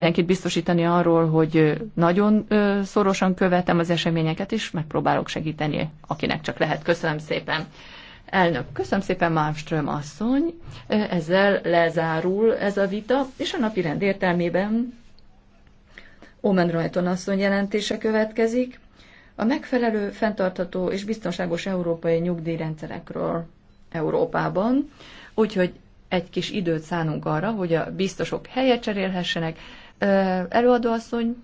mindenkit biztosítani arról, hogy nagyon szorosan követem az eseményeket, és megpróbálok segíteni, akinek csak lehet. Köszönöm szépen. Elnök, köszönöm szépen, Márström asszony. Ezzel lezárul ez a vita, és a napi rend értelmében Omen Rajton asszony jelentése következik. A megfelelő, fenntartható és biztonságos európai nyugdíjrendszerekről Európában. Úgyhogy egy kis időt szánunk arra, hogy a biztosok helyet cserélhessenek, előadóasszony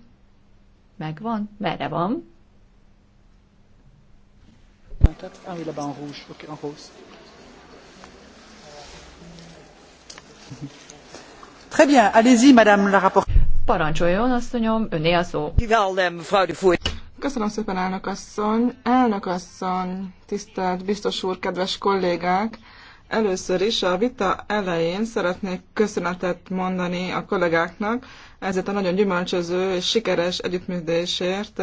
megvan? Merre van? Très bien, allez-y, madame la rapporteure. Parancsoljon, asszonyom, öné a szó. Köszönöm szépen, elnök asszony. Elnök asszony, tisztelt biztos úr, kedves kollégák! Először is a vita elején szeretnék köszönetet mondani a kollégáknak ezért a nagyon gyümölcsöző és sikeres együttműködésért.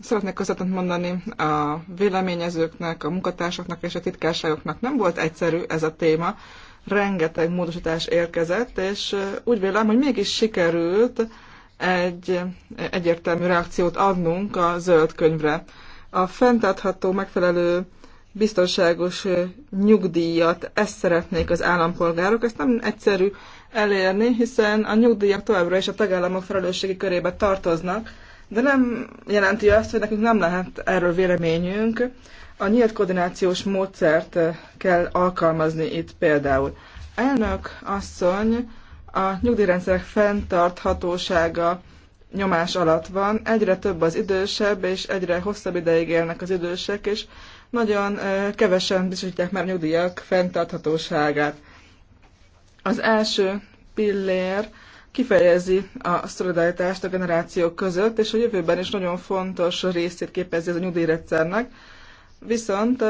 Szeretnék köszönetet mondani a véleményezőknek, a munkatársaknak és a titkárságoknak. Nem volt egyszerű ez a téma, rengeteg módosítás érkezett, és úgy vélem, hogy mégis sikerült egy egyértelmű reakciót adnunk a zöld könyvre. A fenntartható megfelelő biztonságos nyugdíjat, ezt szeretnék az állampolgárok. Ezt nem egyszerű elérni, hiszen a nyugdíjak továbbra is a tagállamok felelősségi körébe tartoznak, de nem jelenti azt, hogy nekünk nem lehet erről véleményünk. A nyílt koordinációs módszert kell alkalmazni itt például. Elnök asszony, a nyugdíjrendszerek fenntarthatósága nyomás alatt van, egyre több az idősebb, és egyre hosszabb ideig élnek az idősek, és nagyon kevesen biztosítják már nyugdíjak fenntarthatóságát. Az első pillér kifejezi a szolidaritást a generációk között, és a jövőben is nagyon fontos részét képezi ez a nyugdíjrendszernek. Viszont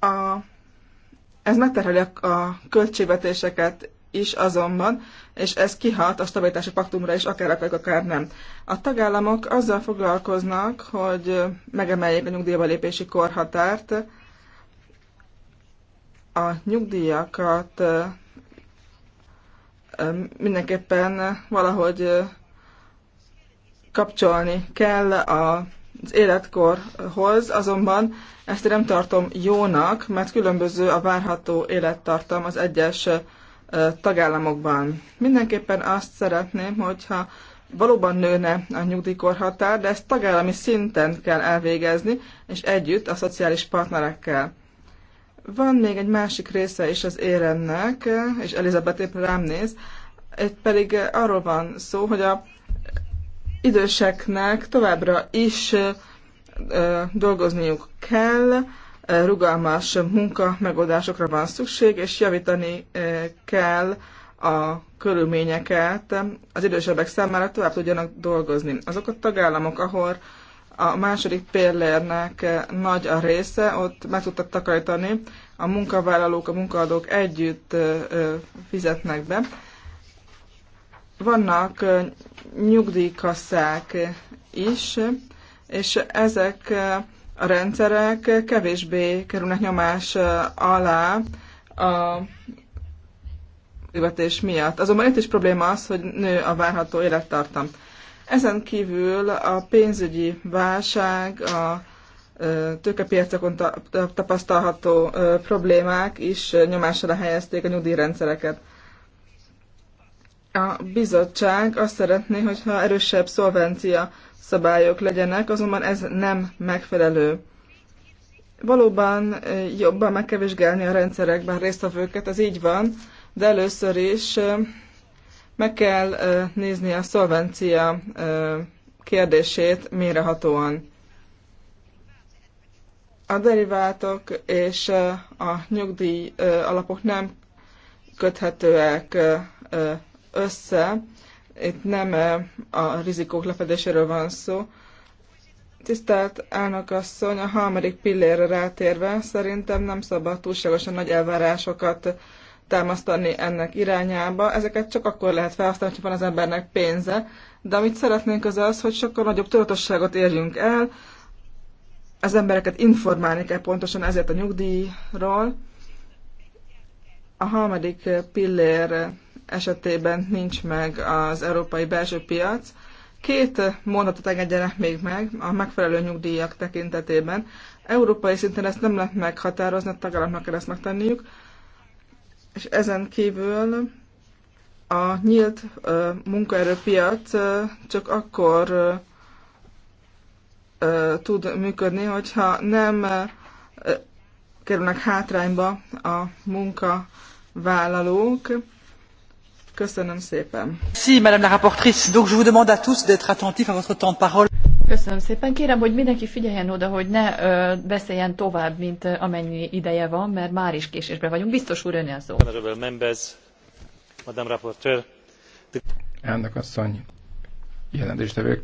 a, ez megterheli a, a költségvetéseket is azonban, és ez kihat a stabilitási paktumra is, akár akarjuk, akár nem. A tagállamok azzal foglalkoznak, hogy megemeljék a nyugdíjba lépési korhatárt, a nyugdíjakat mindenképpen valahogy kapcsolni kell az életkorhoz, azonban ezt nem tartom jónak, mert különböző a várható élettartam az egyes tagállamokban. Mindenképpen azt szeretném, hogyha valóban nőne a nyugdíjkorhatár, de ezt tagállami szinten kell elvégezni, és együtt a szociális partnerekkel. Van még egy másik része is az érennek, és Elizabeth épp rám néz, itt pedig arról van szó, hogy a időseknek továbbra is dolgozniuk kell, rugalmas munka megoldásokra van szükség, és javítani eh, kell a körülményeket az idősebbek számára tovább tudjanak dolgozni. Azok a tagállamok, ahol a második pérlérnek eh, nagy a része, ott meg tudtak takarítani, a munkavállalók, a munkaadók együtt eh, fizetnek be. Vannak nyugdíjkasszák is, és ezek a rendszerek kevésbé kerülnek nyomás alá a hivatés miatt. Azonban itt is probléma az, hogy nő a várható élettartam. Ezen kívül a pénzügyi válság, a tőkepiacokon tapasztalható problémák is nyomásra helyezték a nyugdíjrendszereket. A bizottság azt szeretné, hogyha erősebb szolvencia szabályok legyenek, azonban ez nem megfelelő. Valóban jobban meg kell vizsgálni a rendszerekben résztvevőket, ez így van, de először is meg kell nézni a szolvencia kérdését mérehatóan. A derivátok és a nyugdíj alapok nem köthetőek össze. Itt nem eh, a rizikók lefedéséről van szó. Tisztelt elnökasszony, a harmadik pillérre rátérve szerintem nem szabad túlságosan nagy elvárásokat támasztani ennek irányába. Ezeket csak akkor lehet felhasználni, ha van az embernek pénze. De amit szeretnénk az az, hogy sokkal nagyobb tudatosságot érjünk el, az embereket informálni kell pontosan ezért a nyugdíjról. A harmadik pillér esetében nincs meg az európai belső piac. Két mondatot engedjenek még meg a megfelelő nyugdíjak tekintetében. Európai szinten ezt nem lehet meghatározni, a tagállamnak kell ezt megtenniük, és ezen kívül a nyílt ö, munkaerőpiac ö, csak akkor ö, ö, tud működni, hogyha nem ö, kerülnek hátrányba a munkavállalók. Köszönöm szépen. Si, madame la rapportrice, donc je vous demande à tous d'être attentifs à votre temps de parole. Köszönöm szépen. Kérem, hogy mindenki figyeljen oda, hogy ne ö, beszéljen tovább, mint amennyi ideje van, mert már is késésben vagyunk. Biztos úr, önél szó. Elnök asszony, jelentéstevők,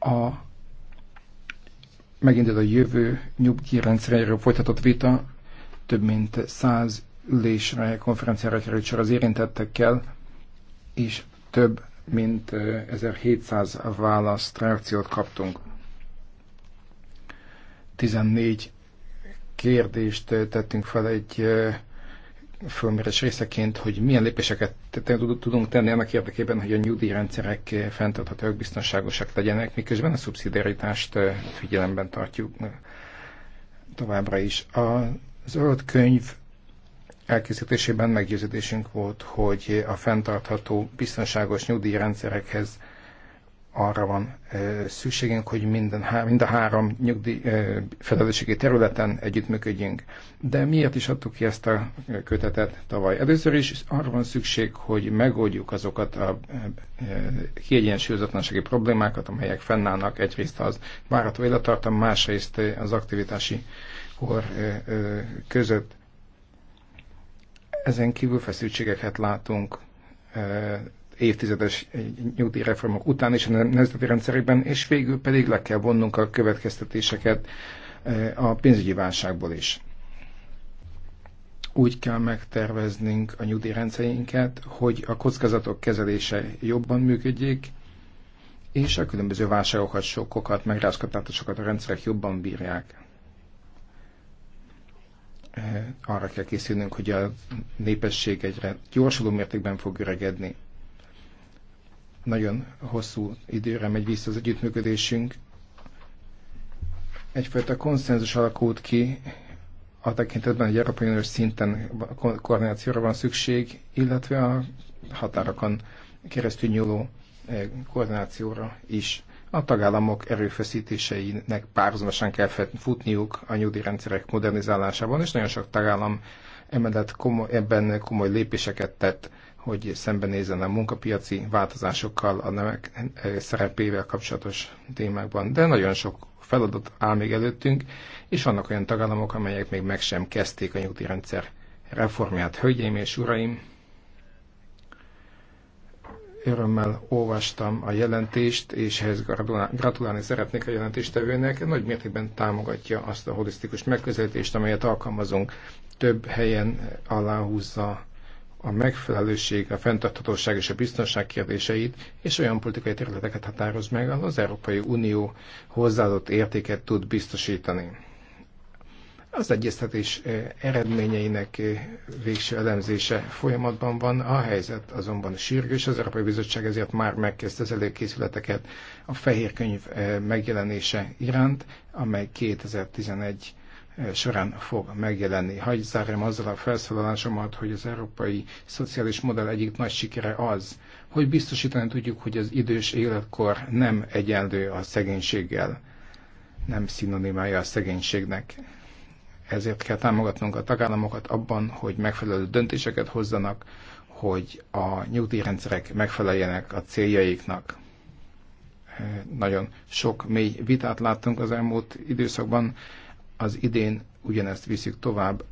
a megindul a jövő nyugdíjrendszeréről folytatott vita több mint 100 ülésre, konferenciára került sor az érintettekkel, és több mint 1700 választ, reakciót kaptunk. 14 kérdést tettünk fel egy fölmérés részeként, hogy milyen lépéseket tudunk tenni annak érdekében, hogy a nyugdíjrendszerek fenntarthatóak, biztonságosak legyenek, miközben a szubszidiaritást figyelemben tartjuk továbbra is. A zöld könyv elkészítésében meggyőződésünk volt, hogy a fenntartható, biztonságos nyugdíjrendszerekhez arra van szükségünk, hogy minden, mind a három nyugdíj felelősségi területen együttműködjünk. De miért is adtuk ki ezt a kötetet tavaly? Először is arra van szükség, hogy megoldjuk azokat a kiegyensúlyozatlansági problémákat, amelyek fennállnak egyrészt az várható élettartam, másrészt az aktivitási kor között ezen kívül feszültségeket látunk e, évtizedes nyugdíjreformok után is a nemzeti rendszerekben, és végül pedig le kell vonnunk a következtetéseket e, a pénzügyi válságból is. Úgy kell megterveznünk a nyugdíjrendszerinket, hogy a kockázatok kezelése jobban működjék, és a különböző válságokat, sokkokat, megrázkodtátosokat a rendszerek jobban bírják. Eh, arra kell készülnünk, hogy a népesség egyre gyorsuló mértékben fog öregedni. Nagyon hosszú időre megy vissza az együttműködésünk. Egyfajta konszenzus alakult ki a tekintetben, hogy Európai Uniós szinten koordinációra van szükség, illetve a határokon keresztül nyúló eh, koordinációra is. A tagállamok erőfeszítéseinek párhuzamosan kell futniuk a nyugdíjrendszerek modernizálásában, és nagyon sok tagállam emellett komoly, ebben komoly lépéseket tett, hogy szembenézzen a munkapiaci változásokkal, a nemek eh, szerepével kapcsolatos témákban. De nagyon sok feladat áll még előttünk, és vannak olyan tagállamok, amelyek még meg sem kezdték a nyugdíjrendszer reformját. Hölgyeim és uraim, Örömmel olvastam a jelentést, és ehhez gratulálni szeretnék a jelentéstevőnek. Nagy mértékben támogatja azt a holisztikus megközelítést, amelyet alkalmazunk. Több helyen aláhúzza a megfelelőség, a fenntarthatóság és a biztonság kérdéseit, és olyan politikai területeket határoz meg, ahol az Európai Unió hozzáadott értéket tud biztosítani. Az egyeztetés eredményeinek végső elemzése folyamatban van, a helyzet azonban sürgős, az Európai Bizottság ezért már megkezdte az előkészületeket a fehér könyv megjelenése iránt, amely 2011 során fog megjelenni. Hagy zárjam azzal a felszólalásomat, hogy az európai szociális modell egyik nagy sikere az, hogy biztosítani tudjuk, hogy az idős életkor nem egyenlő a szegénységgel, nem szinonimája a szegénységnek ezért kell támogatnunk a tagállamokat abban, hogy megfelelő döntéseket hozzanak, hogy a nyugdíjrendszerek megfeleljenek a céljaiknak. Nagyon sok mély vitát láttunk az elmúlt időszakban, az idén ugyanezt viszik tovább,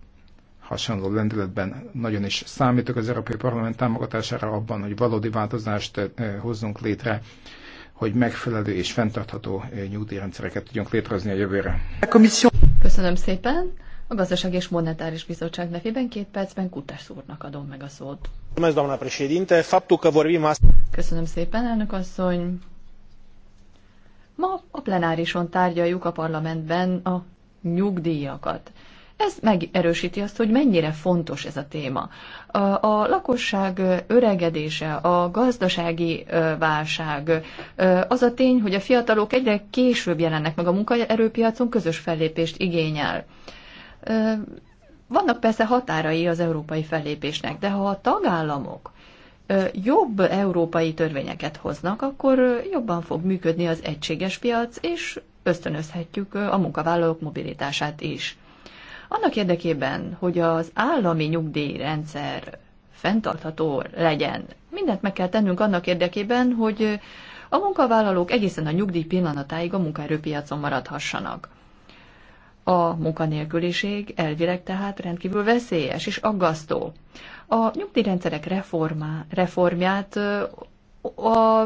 hasonló lendületben nagyon is számítok az Európai Parlament támogatására abban, hogy valódi változást hozzunk létre, hogy megfelelő és fenntartható nyugdíjrendszereket tudjunk létrehozni a jövőre. A komisszió... Köszönöm szépen. A Gazdaság és Monetáris Bizottság nevében két percben Kutas úrnak adom meg a szót. Köszönöm szépen, elnök asszony. Ma a plenárison tárgyaljuk a parlamentben a nyugdíjakat. Ez megerősíti azt, hogy mennyire fontos ez a téma. A lakosság öregedése, a gazdasági válság, az a tény, hogy a fiatalok egyre később jelennek meg a munkaerőpiacon, közös fellépést igényel. Vannak persze határai az európai fellépésnek, de ha a tagállamok jobb európai törvényeket hoznak, akkor jobban fog működni az egységes piac, és ösztönözhetjük a munkavállalók mobilitását is. Annak érdekében, hogy az állami nyugdíjrendszer fenntartható legyen, mindent meg kell tennünk annak érdekében, hogy a munkavállalók egészen a nyugdíj pillanatáig a munkaerőpiacon maradhassanak. A munkanélküliség elvileg tehát rendkívül veszélyes és aggasztó. A nyugdíjrendszerek reformá, reformját a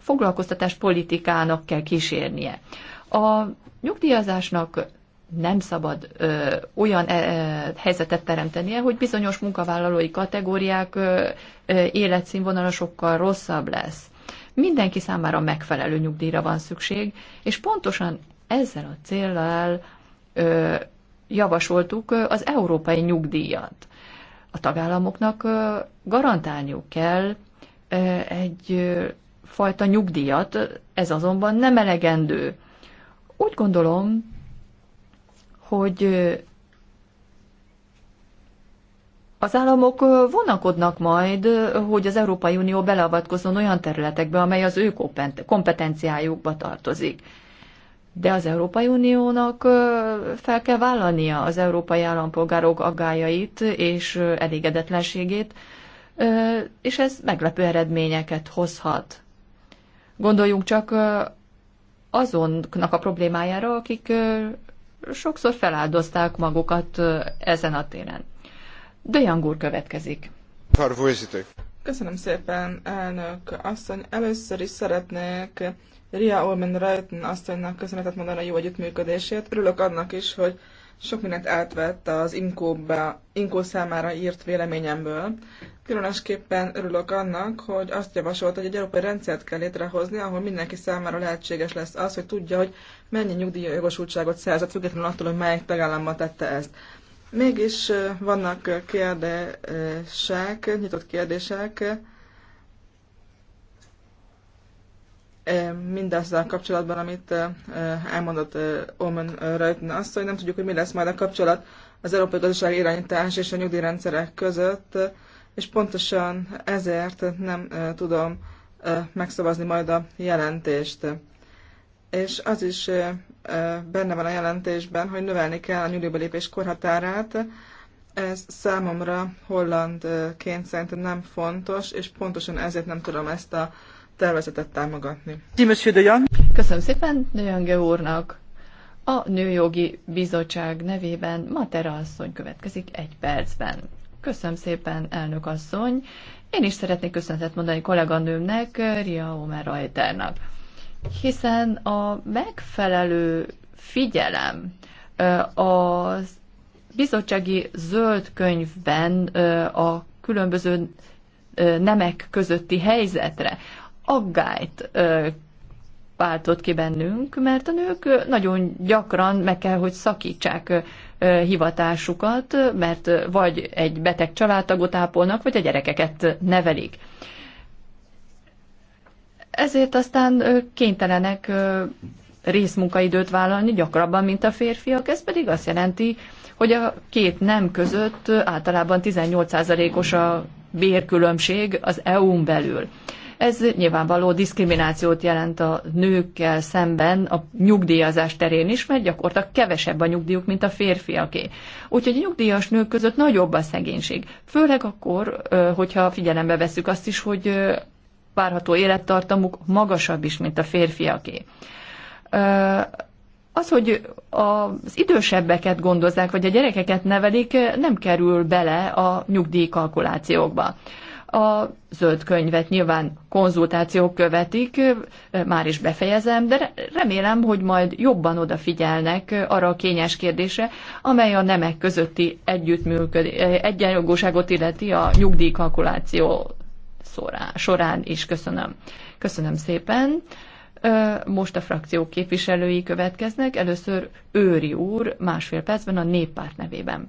foglalkoztatás politikának kell kísérnie. A nyugdíjazásnak nem szabad ö, olyan ö, helyzetet teremtenie, hogy bizonyos munkavállalói kategóriák ö, ö, életszínvonala sokkal rosszabb lesz. Mindenki számára megfelelő nyugdíjra van szükség, és pontosan ezzel a céllal ö, javasoltuk az európai nyugdíjat. A tagállamoknak ö, garantálniuk kell ö, egy ö, fajta nyugdíjat, ez azonban nem elegendő. Úgy gondolom, hogy az államok vonakodnak majd, hogy az Európai Unió beleavatkozzon olyan területekbe, amely az ő kompetenciájukba tartozik. De az Európai Uniónak fel kell vállalnia az európai állampolgárok aggájait és elégedetlenségét, és ez meglepő eredményeket hozhat. Gondoljunk csak azonknak a problémájára, akik sokszor feláldozták magukat ezen a téren. De Jangúr következik. Köszönöm szépen, elnök asszony. Először is szeretnék Ria Olmen Reitn asszonynak köszönetet mondani a jó együttműködését. Örülök annak is, hogy sok mindent átvett az Inkó, Inkó számára írt véleményemből, Különösképpen örülök annak, hogy azt javasolta, hogy egy európai rendszert kell létrehozni, ahol mindenki számára lehetséges lesz az, hogy tudja, hogy mennyi jogosultságot szerzett, függetlenül attól, hogy melyik tagállamban tette ezt. Mégis vannak kérdések, nyitott kérdések mindazzal kapcsolatban, amit elmondott Omen Röjtön azt, hogy nem tudjuk, hogy mi lesz majd a kapcsolat az európai gazdasági irányítás és a nyugdíjrendszerek között és pontosan ezért nem tudom megszavazni majd a jelentést. És az is benne van a jelentésben, hogy növelni kell a nyugdíjba lépés korhatárát. Ez számomra hollandként szerintem nem fontos, és pontosan ezért nem tudom ezt a tervezetet támogatni. Köszönöm szépen Nőjönge úrnak. A Nőjogi Bizottság nevében Matera asszony következik egy percben. Köszönöm szépen, elnök asszony. Én is szeretnék köszönetet mondani kolléganőmnek, Ria Omer Rajternak. Hiszen a megfelelő figyelem az bizottsági zöld könyvben a különböző nemek közötti helyzetre aggályt váltott ki bennünk, mert a nők nagyon gyakran meg kell, hogy szakítsák hivatásukat, mert vagy egy beteg családtagot ápolnak, vagy a gyerekeket nevelik. Ezért aztán kénytelenek részmunkaidőt vállalni gyakrabban, mint a férfiak. Ez pedig azt jelenti, hogy a két nem között általában 18%-os a bérkülönbség az EU-n belül. Ez nyilvánvaló diszkriminációt jelent a nőkkel szemben a nyugdíjazás terén is, mert gyakorlatilag kevesebb a nyugdíjuk, mint a férfiaké. Úgyhogy a nyugdíjas nők között nagyobb a szegénység. Főleg akkor, hogyha figyelembe veszük azt is, hogy várható élettartamuk magasabb is, mint a férfiaké. Az, hogy az idősebbeket gondozzák, vagy a gyerekeket nevelik, nem kerül bele a nyugdíj kalkulációkba a zöld könyvet nyilván konzultációk követik, már is befejezem, de remélem, hogy majd jobban odafigyelnek arra a kényes kérdése, amely a nemek közötti egyenjogúságot illeti a nyugdíjkalkuláció során is. Köszönöm. Köszönöm szépen. Most a frakciók képviselői következnek. Először Őri úr másfél percben a néppárt nevében.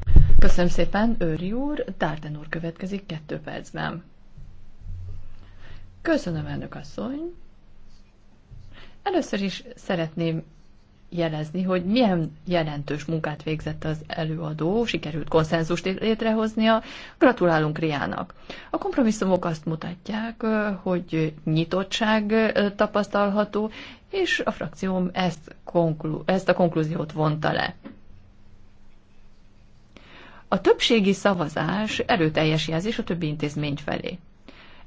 Köszönöm szépen, Őri úr. Dárden úr következik kettő percben. Köszönöm, elnök asszony. Először is szeretném jelezni, hogy milyen jelentős munkát végzett az előadó, sikerült konszenzust létrehoznia. Gratulálunk Riának. A kompromisszumok azt mutatják, hogy nyitottság tapasztalható, és a frakcióm ezt, konklu- ezt a konklúziót vonta le. A többségi szavazás erőteljes jelzés a többi intézmény felé.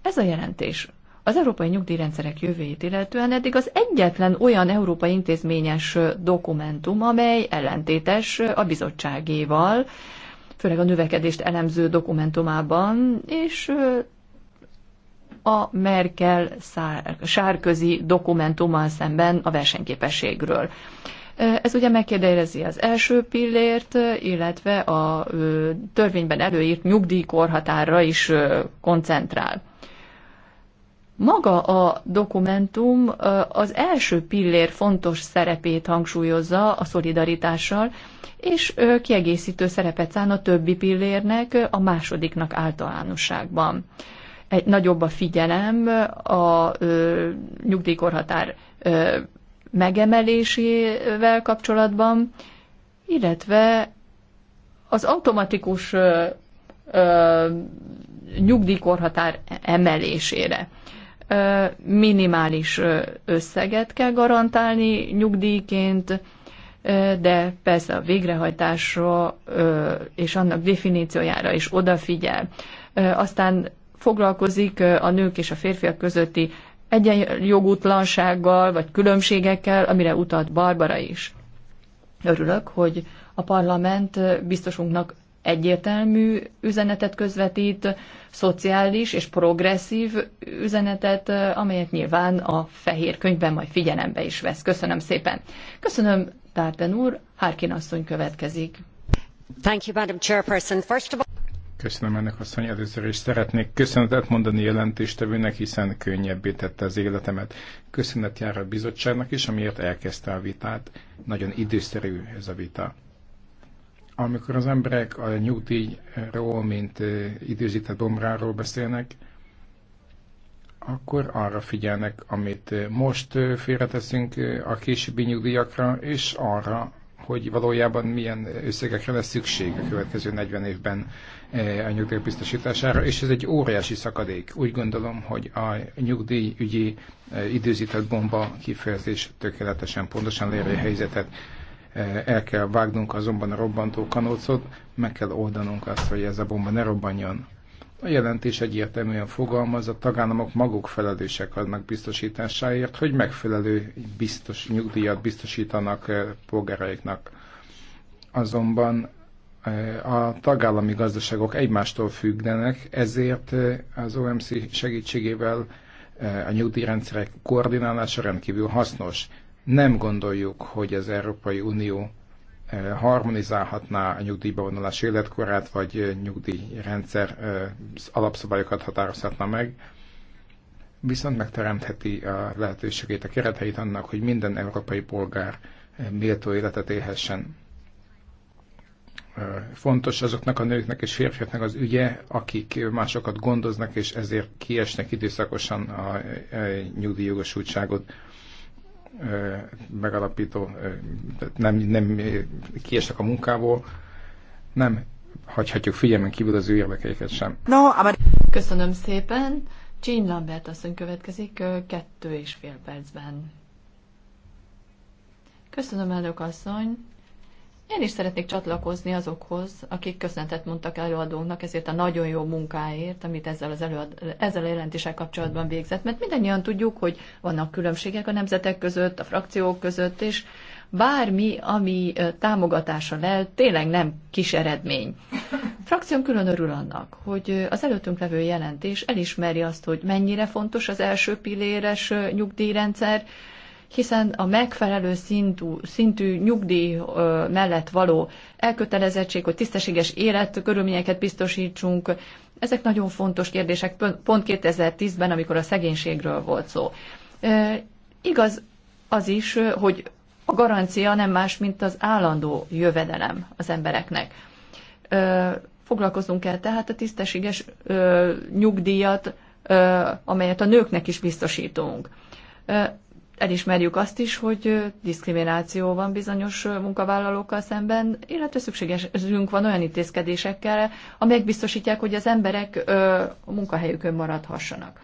Ez a jelentés az európai nyugdíjrendszerek jövőjét illetően eddig az egyetlen olyan európai intézményes dokumentum, amely ellentétes a bizottságéval, főleg a növekedést elemző dokumentumában, és a Merkel sárközi dokumentummal szemben a versenyképességről. Ez ugye megkérdezi az első pillért, illetve a törvényben előírt nyugdíjkorhatárra is koncentrál. Maga a dokumentum az első pillér fontos szerepét hangsúlyozza a szolidaritással, és kiegészítő szerepet szán a többi pillérnek, a másodiknak általánosságban. Egy nagyobb a figyelem a nyugdíjkorhatár megemelésével kapcsolatban, illetve az automatikus ö, ö, nyugdíjkorhatár emelésére. Ö, minimális összeget kell garantálni nyugdíjként, de persze a végrehajtásra és annak definíciójára is odafigyel. Aztán foglalkozik a nők és a férfiak közötti egyenjogutlansággal vagy különbségekkel, amire utalt Barbara is. Örülök, hogy a parlament biztosunknak egyértelmű üzenetet közvetít, szociális és progresszív üzenetet, amelyet nyilván a fehér könyvben majd figyelembe is vesz. Köszönöm szépen. Köszönöm, tárten úr. Harkin asszony következik. Thank you, Madam Chairperson. First of all... Köszönöm ennek asszony, először is szeretnék köszönetet mondani jelentéstevőnek, hiszen könnyebbé tette az életemet. Köszönet jár a bizottságnak is, amiért elkezdte a vitát. Nagyon időszerű ez a vita. Amikor az emberek a nyugdíjról, mint időzített bomráról beszélnek, akkor arra figyelnek, amit most félreteszünk a későbbi nyugdíjakra, és arra, hogy valójában milyen összegekre lesz szükség a következő 40 évben E, a nyugdíj biztosítására, és ez egy óriási szakadék. Úgy gondolom, hogy a nyugdíjügyi e, időzített bomba kifejezés tökéletesen pontosan léri a helyzetet. E, el kell vágnunk azonban a robbantó kanócot, meg kell oldanunk azt, hogy ez a bomba ne robbanjon. A jelentés egyértelműen fogalmaz, a tagállamok maguk felelősek adnak biztosításáért, hogy megfelelő biztos nyugdíjat biztosítanak polgáraiknak. Azonban Eh, a tagállami gazdaságok egymástól függenek, ezért eh, az OMC segítségével eh, a nyugdíjrendszerek koordinálása rendkívül hasznos. Nem gondoljuk, hogy az Európai Unió harmonizálhatná a nyugdíjba vonulás életkorát, vagy nyugdíjrendszer alapszabályokat határozhatna meg, viszont megteremtheti a lehetőségét, a kereteit annak, hogy minden európai polgár méltó életet élhessen fontos azoknak a nőknek és férfiaknak az ügye, akik másokat gondoznak, és ezért kiesnek időszakosan a nyugdíjjogosultságot megalapító, nem, nem kiesnek a munkából, nem hagyhatjuk figyelmen kívül az ő érdekeiket sem. No, aber... Köszönöm szépen. Jean Lambert asszony következik kettő és fél percben. Köszönöm, elnök asszony. Én is szeretnék csatlakozni azokhoz, akik köszönetet mondtak előadónak ezért a nagyon jó munkáért, amit ezzel, az előad, ezzel a jelentéssel kapcsolatban végzett, mert mindannyian tudjuk, hogy vannak különbségek a nemzetek között, a frakciók között, és bármi, ami támogatása lel, tényleg nem kis eredmény. A frakcióm külön örül annak, hogy az előttünk levő jelentés elismeri azt, hogy mennyire fontos az első pilléres nyugdíjrendszer, hiszen a megfelelő szintű, szintű nyugdíj mellett való elkötelezettség, hogy tisztességes életkörülményeket biztosítsunk, ezek nagyon fontos kérdések, pont 2010-ben, amikor a szegénységről volt szó. Igaz az is, hogy a garancia nem más, mint az állandó jövedelem az embereknek. Foglalkozunk kell tehát a tisztességes nyugdíjat, amelyet a nőknek is biztosítunk elismerjük azt is, hogy diszkrimináció van bizonyos munkavállalókkal szemben, illetve szükségesünk van olyan intézkedésekkel, amelyek biztosítják, hogy az emberek a munkahelyükön maradhassanak.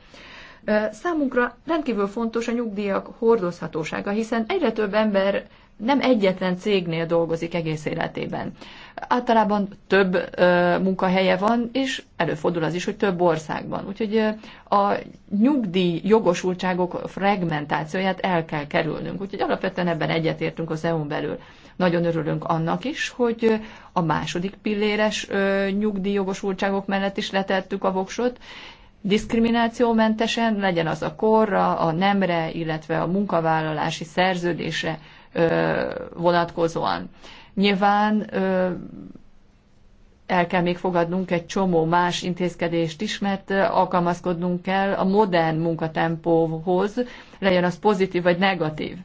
Számunkra rendkívül fontos a nyugdíjak hordozhatósága, hiszen egyre több ember nem egyetlen cégnél dolgozik egész életében. Általában több ö, munkahelye van, és előfordul az is, hogy több országban. Úgyhogy ö, a nyugdíj jogosultságok fragmentációját el kell kerülnünk. Úgyhogy alapvetően ebben egyetértünk az EU-n belül. Nagyon örülünk annak is, hogy a második pilléres ö, jogosultságok mellett is letettük a voksot, diszkriminációmentesen, legyen az a korra, a nemre, illetve a munkavállalási szerződésre vonatkozóan. Nyilván el kell még fogadnunk egy csomó más intézkedést is, mert alkalmazkodnunk kell a modern munkatempóhoz, legyen az pozitív vagy negatív.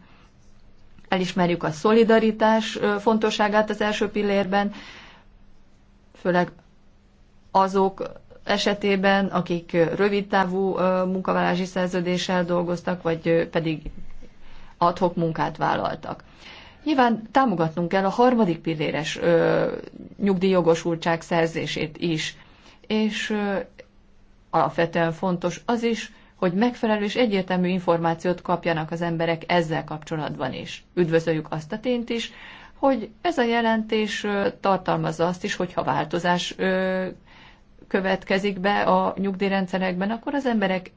Elismerjük a szolidaritás fontosságát az első pillérben, főleg azok esetében, akik rövidtávú munkavállási szerződéssel dolgoztak, vagy pedig adhok munkát vállaltak. Nyilván támogatnunk kell a harmadik pilléres ö, nyugdíjjogosultság szerzését is, és ö, alapvetően fontos az is, hogy megfelelő és egyértelmű információt kapjanak az emberek ezzel kapcsolatban is. Üdvözöljük azt a tényt is, hogy ez a jelentés tartalmazza azt is, hogyha változás következik be a nyugdíjrendszerekben, akkor az emberek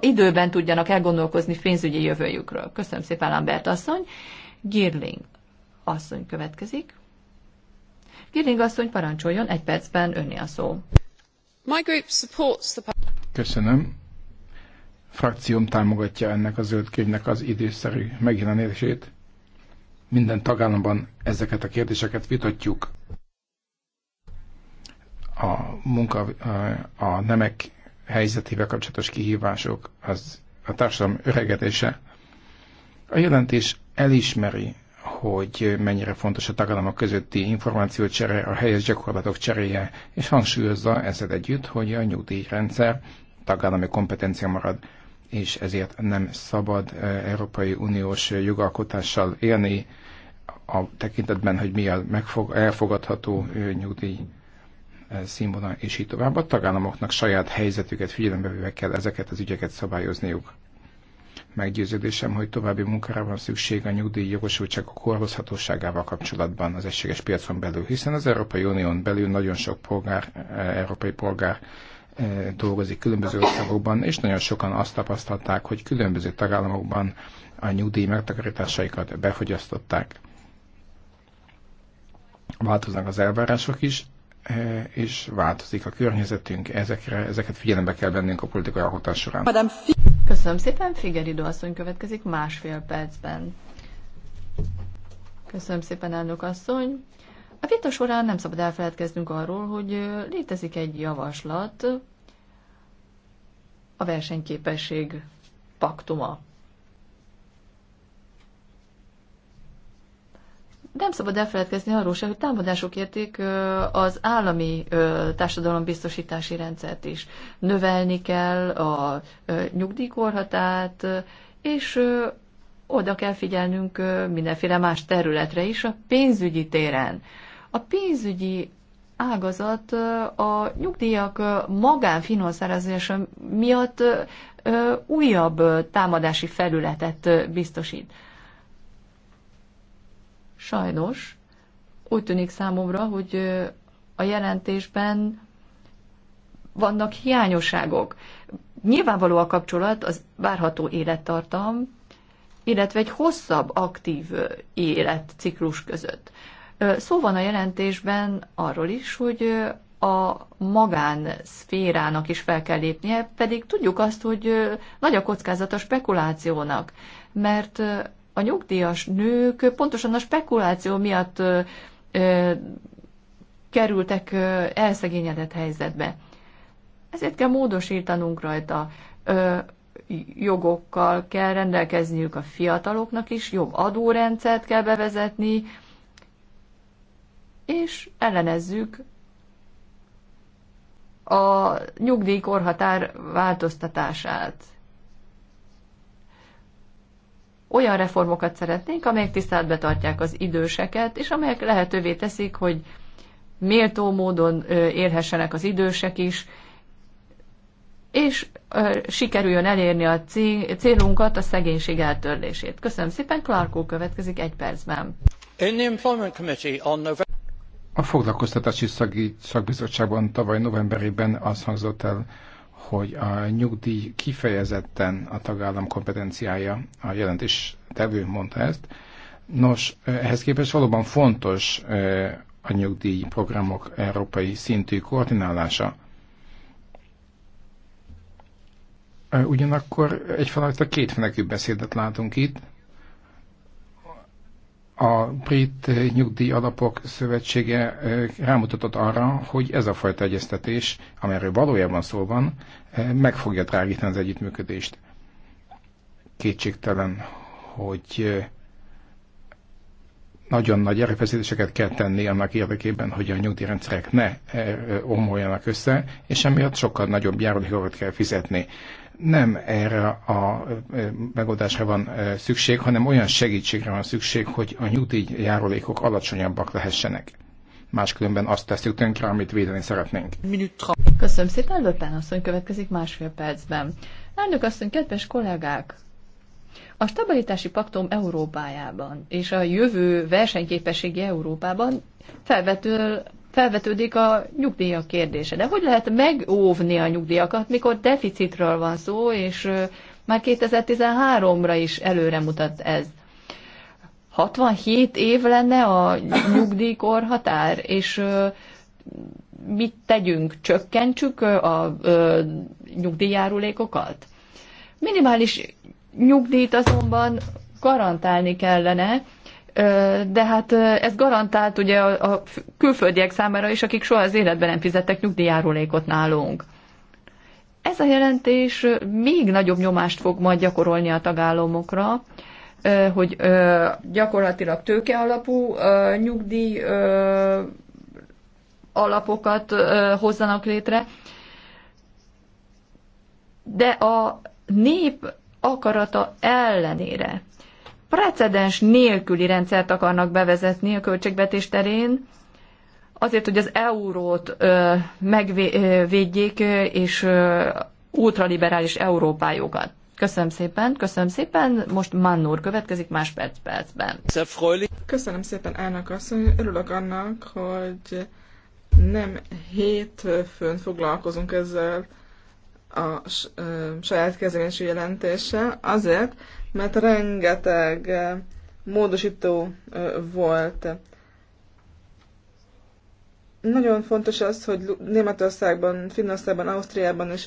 időben tudjanak elgondolkozni pénzügyi jövőjükről. Köszönöm szépen, Lambert asszony. Girling asszony következik. Girling asszony parancsoljon, egy percben önni a szó. My group supports the... Köszönöm. Frakcióm támogatja ennek a zöld könyvnek az időszerű megjelenését. Minden tagállamban ezeket a kérdéseket vitatjuk. A munka, a nemek helyzetével kapcsolatos kihívások, az a társadalom öregedése. A jelentés elismeri, hogy mennyire fontos a tagállamok közötti információcsere, a helyes gyakorlatok cseréje, és hangsúlyozza ezzel együtt, hogy a nyugdíjrendszer tagállami kompetencia marad, és ezért nem szabad e, Európai Uniós jogalkotással élni a tekintetben, hogy mi a elfogadható e, nyugdíj színvonal, és így tovább. A tagállamoknak saját helyzetüket figyelembe véve kell ezeket az ügyeket szabályozniuk. Meggyőződésem, hogy további munkára van szükség a nyugdíj jogosultságok korhozhatóságával kapcsolatban az egységes piacon belül, hiszen az Európai Unión belül nagyon sok polgár, európai polgár dolgozik különböző országokban, és nagyon sokan azt tapasztalták, hogy különböző tagállamokban a nyugdíj megtakarításaikat befogyasztották. Változnak az elvárások is, E, és változik a környezetünk, ezekre, ezeket figyelembe kell vennünk a politikai alkotás során. Köszönöm szépen, Figeridő asszony következik másfél percben. Köszönöm szépen, elnök asszony. A vita során nem szabad elfeledkeznünk arról, hogy létezik egy javaslat, a versenyképesség paktuma nem szabad elfeledkezni arról sem, hogy támadások érték az állami társadalombiztosítási rendszert is. Növelni kell a nyugdíjkorhatát, és oda kell figyelnünk mindenféle más területre is a pénzügyi téren. A pénzügyi ágazat a nyugdíjak magánfinanszírozása miatt újabb támadási felületet biztosít. Sajnos úgy tűnik számomra, hogy a jelentésben vannak hiányosságok. Nyilvánvaló a kapcsolat, az várható élettartam, illetve egy hosszabb aktív életciklus között. Szó van a jelentésben arról is, hogy a magánszférának is fel kell lépnie, pedig tudjuk azt, hogy nagy a kockázat a spekulációnak, mert a nyugdíjas nők pontosan a spekuláció miatt kerültek elszegényedett helyzetbe. Ezért kell módosítanunk rajta. Jogokkal kell rendelkezniük a fiataloknak is, jobb adórendszert kell bevezetni, és ellenezzük a nyugdíjkorhatár változtatását olyan reformokat szeretnénk, amelyek tiszteletbe tartják az időseket, és amelyek lehetővé teszik, hogy méltó módon élhessenek az idősek is, és sikerüljön elérni a célunkat, a szegénység eltörlését. Köszönöm szépen, Clarkó következik egy percben. A foglalkoztatási szagi, szakbizottságban tavaly novemberében az hangzott el, hogy a nyugdíj kifejezetten a tagállam kompetenciája, a jelentés tevő mondta ezt. Nos, ehhez képest valóban fontos a nyugdíjprogramok európai szintű koordinálása. Ugyanakkor egyfajta kétfenekű beszédet látunk itt, a Brit Nyugdíj Alapok Szövetsége rámutatott arra, hogy ez a fajta egyeztetés, amelyről valójában szó van, meg fogja drágítani az együttműködést. Kétségtelen, hogy nagyon nagy erőfeszítéseket kell tenni annak érdekében, hogy a nyugdíjrendszerek ne omoljanak össze, és emiatt sokkal nagyobb járulékokat kell fizetni nem erre a megoldásra van szükség, hanem olyan segítségre van szükség, hogy a nyugdíj járulékok alacsonyabbak lehessenek. Máskülönben azt tesszük tönkre, amit védeni szeretnénk. Köszönöm szépen, Löpen asszony következik másfél percben. Elnök asszony, kedves kollégák! A stabilitási paktum Európájában és a jövő versenyképességi Európában felvetül felvetődik a nyugdíjak kérdése. De hogy lehet megóvni a nyugdíjakat, mikor deficitről van szó, és már 2013-ra is előre mutat ez. 67 év lenne a nyugdíjkor határ, és mit tegyünk? Csökkentsük a nyugdíjjárulékokat? Minimális nyugdíjt azonban garantálni kellene, de hát ez garantált ugye a külföldiek számára is, akik soha az életben nem fizettek nyugdíjárulékot nálunk. Ez a jelentés még nagyobb nyomást fog majd gyakorolni a tagállamokra, hogy gyakorlatilag tőke alapú nyugdíj alapokat hozzanak létre, de a nép akarata ellenére precedens nélküli rendszert akarnak bevezetni a költségvetés terén, azért, hogy az eurót megvédjék, és ultraliberális Európájukat. Köszönöm szépen, köszönöm szépen. Most Mannur következik más perc percben. Köszönöm szépen, elnök asszony. Örülök annak, hogy nem hétfőn foglalkozunk ezzel a saját kezelési jelentése, azért, mert rengeteg módosító volt. Nagyon fontos az, hogy Németországban, Finnországban, Ausztriában és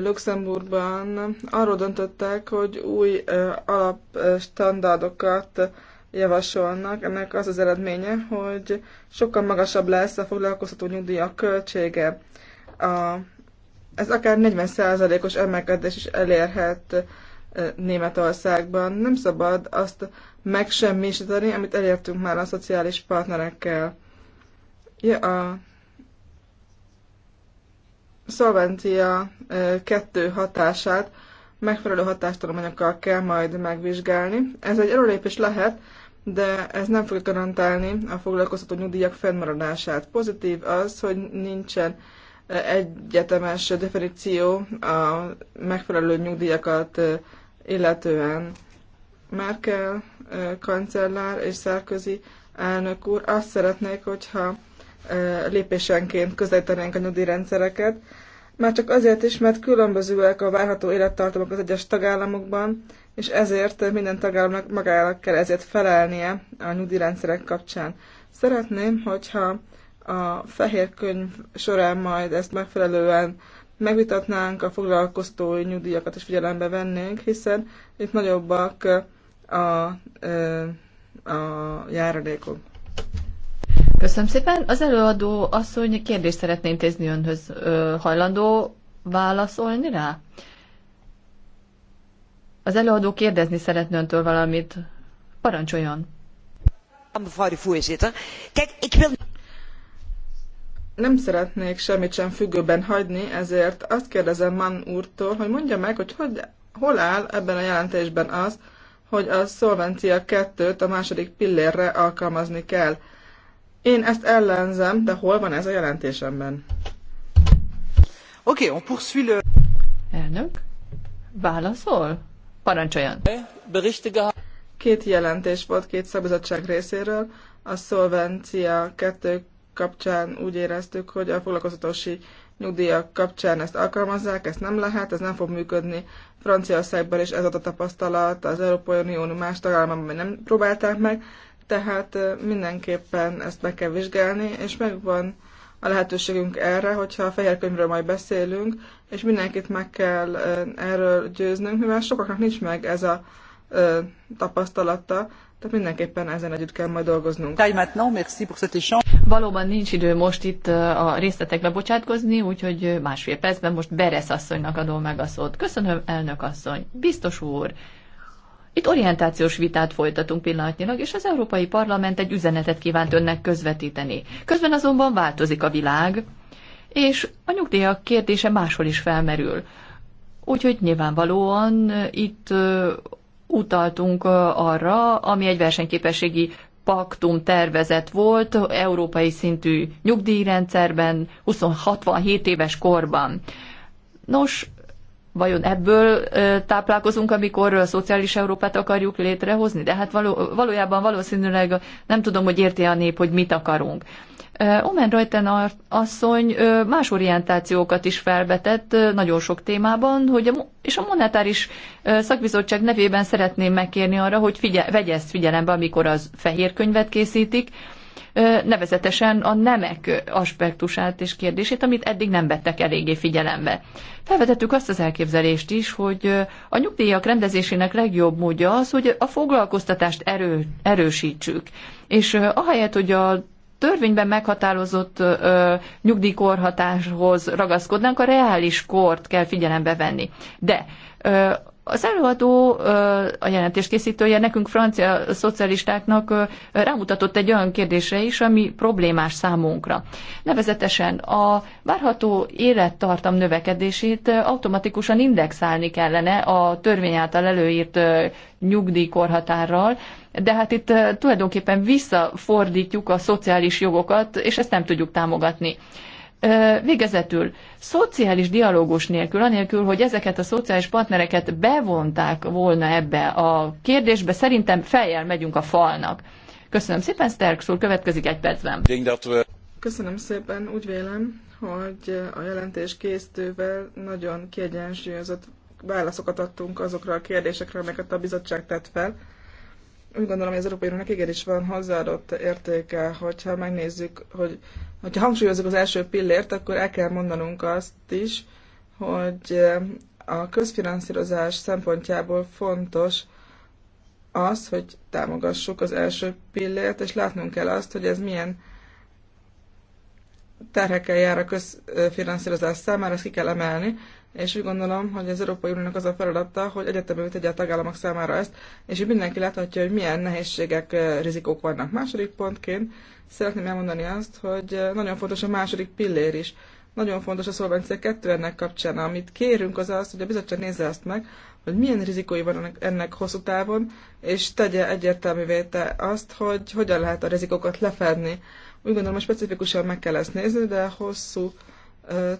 Luxemburgban arról döntöttek, hogy új alapstandardokat javasolnak. Ennek az az eredménye, hogy sokkal magasabb lesz a foglalkoztató nyugdíjak költsége. A ez akár 40%-os emelkedés is elérhet Németországban. Nem szabad azt megsemmisíteni, amit elértünk már a szociális partnerekkel. Ja, a szolvencia kettő hatását megfelelő hatástanulmányokkal kell majd megvizsgálni. Ez egy előlépés lehet, de ez nem fogja garantálni a foglalkoztató nyugdíjak fennmaradását. Pozitív az, hogy nincsen egyetemes definíció a megfelelő nyugdíjakat illetően. Merkel kancellár és Szárközi elnök úr azt szeretnék, hogyha lépésenként közelítenénk a nyugdíjrendszereket, már csak azért is, mert különbözőek a várható élettartamok az egyes tagállamokban, és ezért minden tagállamnak magának kell ezért felelnie a nyugdíjrendszerek kapcsán. Szeretném, hogyha a fehér könyv során majd ezt megfelelően megvitatnánk, a foglalkoztói nyugdíjakat is figyelembe vennénk, hiszen itt nagyobbak a, a, járadékok. Köszönöm szépen. Az előadó asszony kérdést szeretné intézni önhöz. Ö, hajlandó válaszolni rá? Az előadó kérdezni szeretne öntől valamit. Parancsoljon! Mevrouw de voorzitter, kijk, ik wil nem szeretnék semmit sem függőben hagyni, ezért azt kérdezem Mann úrtól, hogy mondja meg, hogy, hogy hol áll ebben a jelentésben az, hogy a szolvencia kettőt a második pillérre alkalmazni kell. Én ezt ellenzem, de hol van ez a jelentésemben? Oké, okay, on poursuit le... Elnök? Válaszol? Parancsoljon. Két jelentés volt két szabizottság részéről, a szolvencia kettő kapcsán úgy éreztük, hogy a foglalkoztatási nyugdíjak kapcsán ezt alkalmazzák, ezt nem lehet, ez nem fog működni. Franciaországban is ez a tapasztalat, az Európai Unió más tagállamában nem próbálták meg, tehát mindenképpen ezt meg kell vizsgálni, és megvan a lehetőségünk erre, hogyha a fehér könyvről majd beszélünk, és mindenkit meg kell erről győznünk, mivel sokaknak nincs meg ez a tapasztalata, tehát mindenképpen ezen együtt kell majd dolgoznunk. Valóban nincs idő most itt a részletekbe bocsátkozni, úgyhogy másfél percben most Beresz asszonynak adom meg a szót. Köszönöm, elnök asszony. Biztos úr, itt orientációs vitát folytatunk pillanatnyilag, és az Európai Parlament egy üzenetet kívánt önnek közvetíteni. Közben azonban változik a világ, és a nyugdíjak kérdése máshol is felmerül. Úgyhogy nyilvánvalóan itt utaltunk arra, ami egy versenyképességi paktum tervezet volt európai szintű nyugdíjrendszerben 20-67 éves korban. Nos, vajon ebből táplálkozunk, amikor a szociális Európát akarjuk létrehozni? De hát való, valójában valószínűleg nem tudom, hogy érti a nép, hogy mit akarunk. Omen Reuten asszony más orientációkat is felvetett nagyon sok témában, hogy a, és a monetáris szakbizottság nevében szeretném megkérni arra, hogy figye, vegye ezt figyelembe, amikor az fehér könyvet készítik, nevezetesen a nemek aspektusát és kérdését, amit eddig nem vettek eléggé figyelembe. Felvetettük azt az elképzelést is, hogy a nyugdíjak rendezésének legjobb módja az, hogy a foglalkoztatást erő, erősítsük. És ahelyett, hogy a törvényben meghatározott ö, nyugdíjkorhatáshoz ragaszkodnánk, a reális kort kell figyelembe venni. De ö, az előadó, a jelentés készítője nekünk francia szocialistáknak rámutatott egy olyan kérdésre is, ami problémás számunkra. Nevezetesen a várható élettartam növekedését automatikusan indexálni kellene a törvény által előírt nyugdíjkorhatárral, de hát itt tulajdonképpen visszafordítjuk a szociális jogokat, és ezt nem tudjuk támogatni. Végezetül, szociális dialógus nélkül, anélkül, hogy ezeket a szociális partnereket bevonták volna ebbe a kérdésbe, szerintem feljel megyünk a falnak. Köszönöm szépen, Sterks úr, következik egy percben. Köszönöm szépen, úgy vélem, hogy a jelentés készítővel nagyon kiegyensúlyozott válaszokat adtunk azokra a kérdésekre, amelyeket a bizottság tett fel úgy gondolom, hogy az Európai Uniónak igenis van hozzáadott értéke, hogyha megnézzük, hogy hogyha hangsúlyozunk az első pillért, akkor el kell mondanunk azt is, hogy eh, a közfinanszírozás szempontjából fontos az, hogy támogassuk az első pillért, és látnunk kell azt, hogy ez milyen terhekkel jár a közfinanszírozás számára, ezt ki kell emelni, és úgy gondolom, hogy az Európai Uniónak az a feladata, hogy egyetemű tegye a tagállamok számára ezt, és hogy mindenki láthatja, hogy milyen nehézségek, rizikók vannak. Második pontként szeretném elmondani azt, hogy nagyon fontos a második pillér is. Nagyon fontos a szolvencia kettő ennek kapcsán. Amit kérünk az az, hogy a bizottság nézze azt meg, hogy milyen rizikói van ennek hosszú távon, és tegye egyértelművé te azt, hogy hogyan lehet a rizikókat lefedni. Úgy gondolom, hogy specifikusan meg kell ezt nézni, de hosszú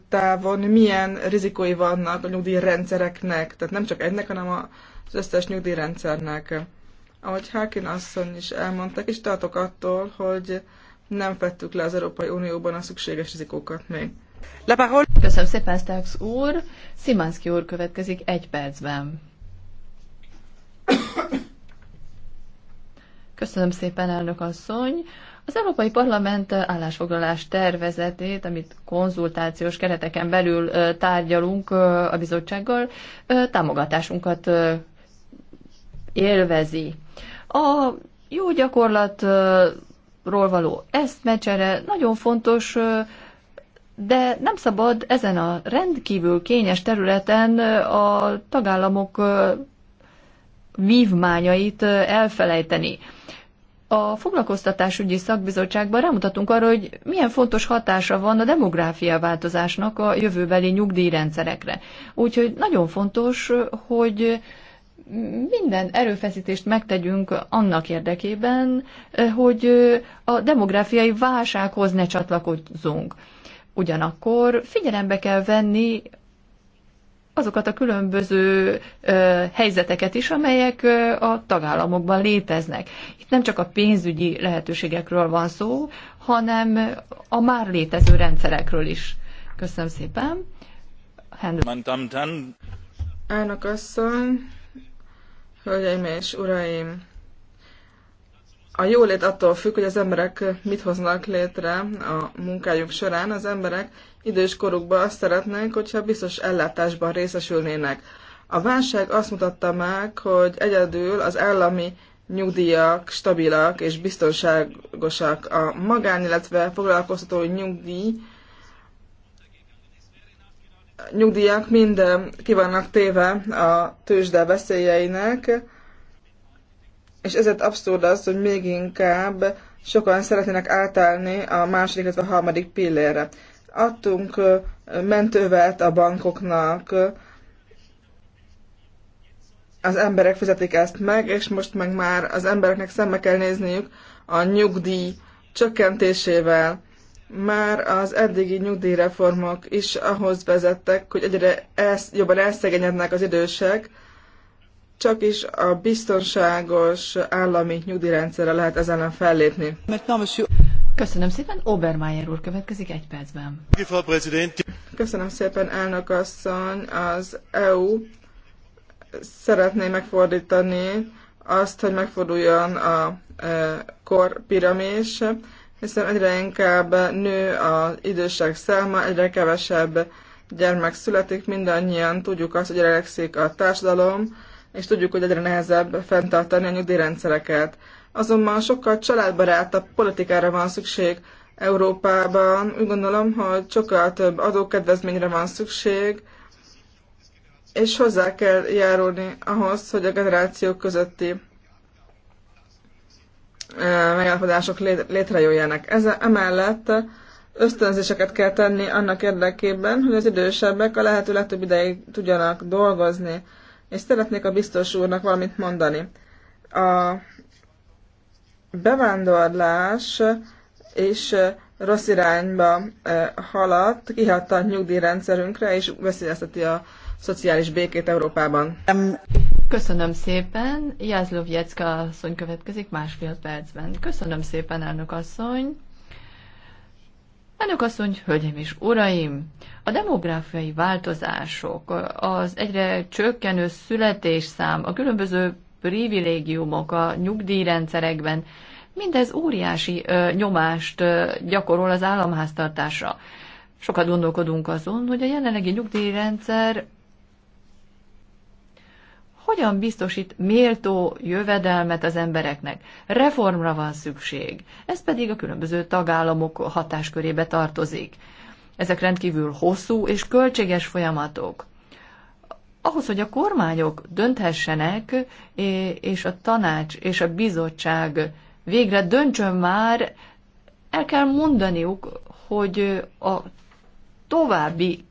távon milyen rizikói vannak a nyugdíjrendszereknek, tehát nem csak egynek, hanem az összes nyugdíjrendszernek. Ahogy Hákin asszony is elmondták, és tartok attól, hogy nem vettük le az Európai Unióban a szükséges rizikókat még. Köszönöm szépen, Stax úr. Szimanszki úr következik egy percben. Köszönöm szépen, elnök asszony. Az Európai Parlament állásfoglalás tervezetét, amit konzultációs kereteken belül tárgyalunk a bizottsággal, támogatásunkat élvezi. A jó gyakorlatról való eszmecsere nagyon fontos, de nem szabad ezen a rendkívül kényes területen a tagállamok vívmányait elfelejteni a foglalkoztatásügyi szakbizottságban rámutatunk arra, hogy milyen fontos hatása van a demográfia változásnak a jövőbeli nyugdíjrendszerekre. Úgyhogy nagyon fontos, hogy minden erőfeszítést megtegyünk annak érdekében, hogy a demográfiai válsághoz ne csatlakozzunk. Ugyanakkor figyelembe kell venni azokat a különböző ö, helyzeteket is, amelyek ö, a tagállamokban léteznek. Itt nem csak a pénzügyi lehetőségekről van szó, hanem a már létező rendszerekről is. Köszönöm szépen. Elnök asszony, hölgyeim és uraim! a jólét attól függ, hogy az emberek mit hoznak létre a munkájuk során. Az emberek idős korukban azt szeretnék, hogyha biztos ellátásban részesülnének. A válság azt mutatta meg, hogy egyedül az állami nyugdíjak stabilak és biztonságosak. A magán, illetve foglalkoztató nyugdíj nyugdíjak mind ki vannak téve a tőzsde veszélyeinek, és ezért abszurd az, hogy még inkább sokan szeretnének átállni a második, illetve a harmadik pillére. Adtunk mentővet a bankoknak, az emberek fizetik ezt meg, és most meg már az embereknek szembe kell nézniük a nyugdíj csökkentésével. Már az eddigi nyugdíjreformok is ahhoz vezettek, hogy egyre elsz, jobban elszegényednek az idősek, csak is a biztonságos állami nyugdíjrendszerre lehet ez ellen fellépni. Köszönöm szépen, Obermeier úr következik egy percben. Köszönöm szépen, elnök asszony, az EU szeretné megfordítani azt, hogy megforduljon a e, kor piramis, hiszen egyre inkább nő az idősek száma, egyre kevesebb gyermek születik, mindannyian tudjuk azt, hogy öregszik a társadalom, és tudjuk, hogy egyre nehezebb fenntartani a nyugdíjrendszereket. Azonban sokkal családbarátabb politikára van szükség Európában. Úgy gondolom, hogy sokkal több adókedvezményre van szükség, és hozzá kell járulni ahhoz, hogy a generációk közötti megállapodások létrejöjjenek. Ez emellett ösztönzéseket kell tenni annak érdekében, hogy az idősebbek a lehető legtöbb ideig tudjanak dolgozni és szeretnék a biztos úrnak valamit mondani. A bevándorlás és rossz irányba haladt, kihatta a nyugdíjrendszerünkre, és veszélyezteti a szociális békét Európában. Köszönöm szépen. Jászlov Jecka asszony következik másfél percben. Köszönöm szépen, elnök asszony. Elnök asszony, hölgyeim és uraim, a demográfiai változások, az egyre csökkenő születésszám, a különböző privilégiumok a nyugdíjrendszerekben, mindez óriási ö, nyomást ö, gyakorol az államháztartásra. Sokat gondolkodunk azon, hogy a jelenlegi nyugdíjrendszer hogyan biztosít méltó jövedelmet az embereknek. Reformra van szükség. Ez pedig a különböző tagállamok hatáskörébe tartozik. Ezek rendkívül hosszú és költséges folyamatok. Ahhoz, hogy a kormányok dönthessenek, és a tanács és a bizottság végre döntsön már, el kell mondaniuk, hogy a további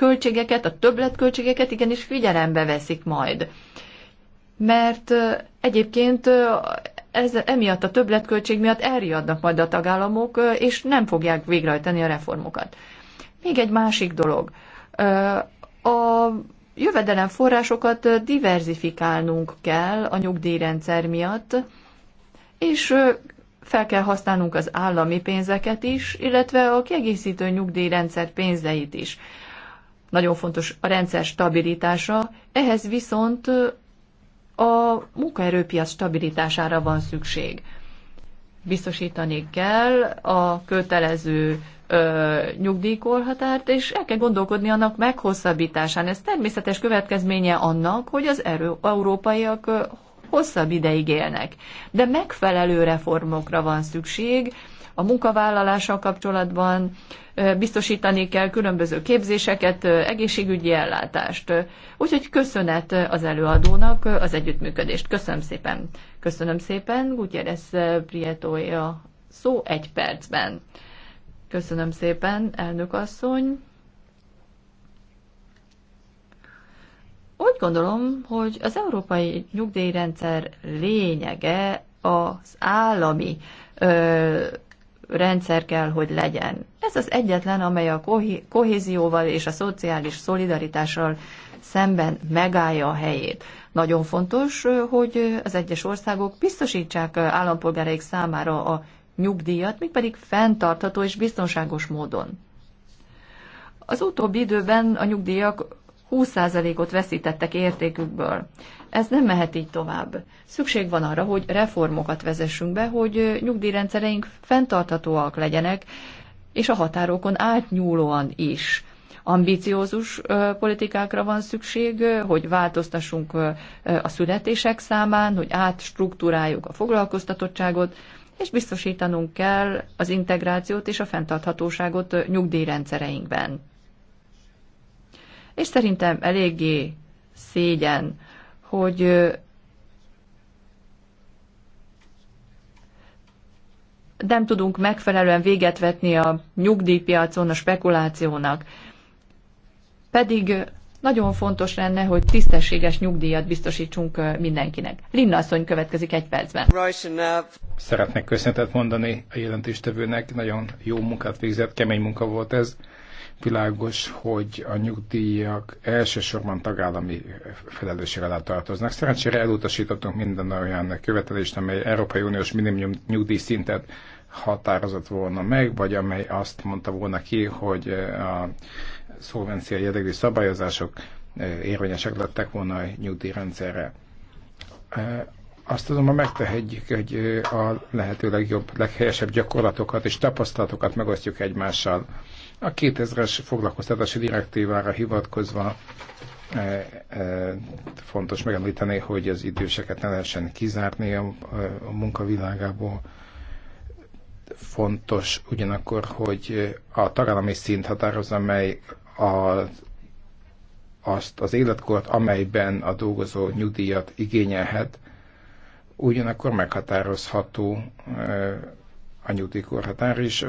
költségeket, a többletköltségeket igenis figyelembe veszik majd. Mert egyébként ez, emiatt a többletköltség miatt elriadnak majd a tagállamok, és nem fogják végrehajtani a reformokat. Még egy másik dolog. A jövedelem forrásokat diverzifikálnunk kell a nyugdíjrendszer miatt, és fel kell használnunk az állami pénzeket is, illetve a kiegészítő nyugdíjrendszer pénzeit is. Nagyon fontos a rendszer stabilitása, ehhez viszont a munkaerőpiac stabilitására van szükség. Biztosítani kell a kötelező ö, nyugdíjkorhatárt, és el kell gondolkodni annak meghosszabbításán. Ez természetes következménye annak, hogy az erő, európaiak ö, hosszabb ideig élnek. De megfelelő reformokra van szükség, a munkavállalással kapcsolatban, biztosítani kell különböző képzéseket, egészségügyi ellátást. Úgyhogy köszönet az előadónak az együttműködést. Köszönöm szépen. Köszönöm szépen. Gutierrez Prietoja szó egy percben. Köszönöm szépen, elnök asszony. Úgy gondolom, hogy az európai nyugdíjrendszer lényege az állami ö, rendszer kell, hogy legyen. Ez az egyetlen, amely a kohézióval és a szociális szolidaritással szemben megállja a helyét. Nagyon fontos, hogy az egyes országok biztosítsák állampolgáraik számára a nyugdíjat, mégpedig fenntartható és biztonságos módon. Az utóbbi időben a nyugdíjak 20%-ot veszítettek értékükből. Ez nem mehet így tovább. Szükség van arra, hogy reformokat vezessünk be, hogy nyugdíjrendszereink fenntarthatóak legyenek, és a határokon átnyúlóan is. Ambiciózus politikákra van szükség, hogy változtassunk a születések számán, hogy átstruktúráljuk a foglalkoztatottságot, és biztosítanunk kell az integrációt és a fenntarthatóságot nyugdíjrendszereinkben és szerintem eléggé szégyen, hogy nem tudunk megfelelően véget vetni a nyugdíjpiacon, a spekulációnak. Pedig nagyon fontos lenne, hogy tisztességes nyugdíjat biztosítsunk mindenkinek. Linna asszony következik egy percben. Szeretnék köszönetet mondani a jelentéstevőnek, nagyon jó munkát végzett, kemény munka volt ez. Világos, hogy a nyugdíjak elsősorban tagállami felelősség alá tartoznak. Szerencsére elutasítottunk minden olyan követelést, amely Európai Uniós minimum nyugdíj szintet határozott volna meg, vagy amely azt mondta volna ki, hogy a szolvencia jellegű szabályozások eh, érvényesek lettek volna a nyugdíjrendszerre. Eh, azt azonban megtehetjük, hogy eh, a lehető legjobb, leghelyesebb gyakorlatokat és tapasztalatokat megosztjuk egymással a 2000-es foglalkoztatási direktívára hivatkozva e, e, fontos megemlíteni, hogy az időseket ne lehessen kizárni a, a munkavilágából. Fontos ugyanakkor, hogy a tagállami szint határozza, amely a, azt az életkort, amelyben a dolgozó nyugdíjat igényelhet, ugyanakkor meghatározható e, a nyugdíjkorhatár és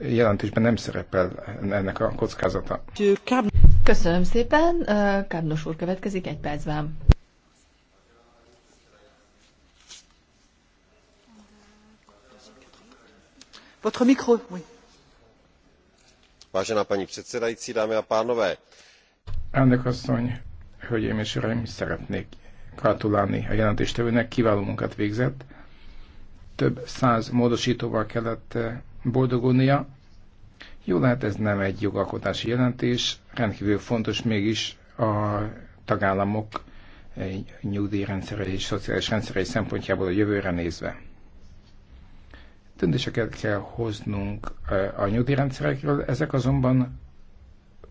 jelentésben nem szerepel ennek a kockázata. Köszönöm szépen. Kárnos úr következik egy percben. Votre micro, oui. Vážená paní předsedající, dámy a pánové. Elnök asszony, hölgyeim és uraim, szeretnék gratulálni a jelentéstevőnek, kiváló munkát végzett több száz módosítóval kellett eh, boldogulnia. Jó lehet, ez nem egy jogalkotási jelentés, rendkívül fontos mégis a tagállamok nyugdíjrendszere és szociális rendszerei szempontjából a jövőre nézve. Döntéseket kell hoznunk eh, a nyugdíjrendszerekről, ezek azonban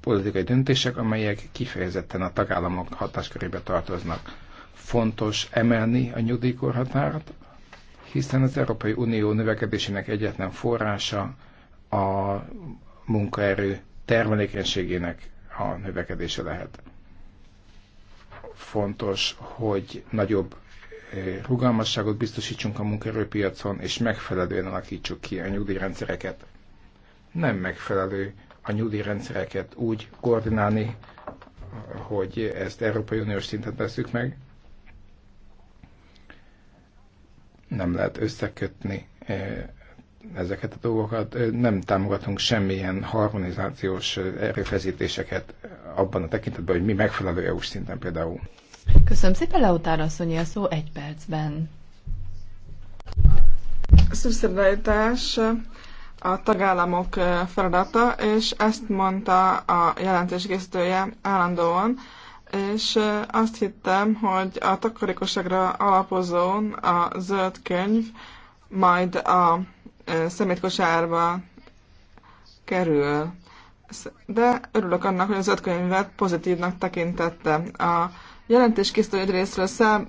politikai döntések, amelyek kifejezetten a tagállamok hatáskörébe tartoznak. Fontos emelni a nyugdíjkorhatárt, hiszen az Európai Unió növekedésének egyetlen forrása a munkaerő termelékenységének a növekedése lehet. Fontos, hogy nagyobb eh, rugalmasságot biztosítsunk a munkaerőpiacon, és megfelelően alakítsuk ki a nyugdíjrendszereket. Nem megfelelő a nyugdíjrendszereket úgy koordinálni, hogy ezt Európai Uniós szinten tesszük meg, nem lehet összekötni eh, ezeket a dolgokat. Eh, nem támogatunk semmilyen harmonizációs eh, erőfeszítéseket abban a tekintetben, hogy mi megfelelő eu szinten például. Köszönöm szépen, Leutár asszony, a szó egy percben. A a tagállamok feladata, és ezt mondta a jelentéskészítője állandóan, és azt hittem, hogy a takarékosságra alapozón a zöld könyv majd a szemétkosárba kerül. De örülök annak, hogy a zöld könyvet pozitívnak tekintette. A jelentés készítő egy részről szám,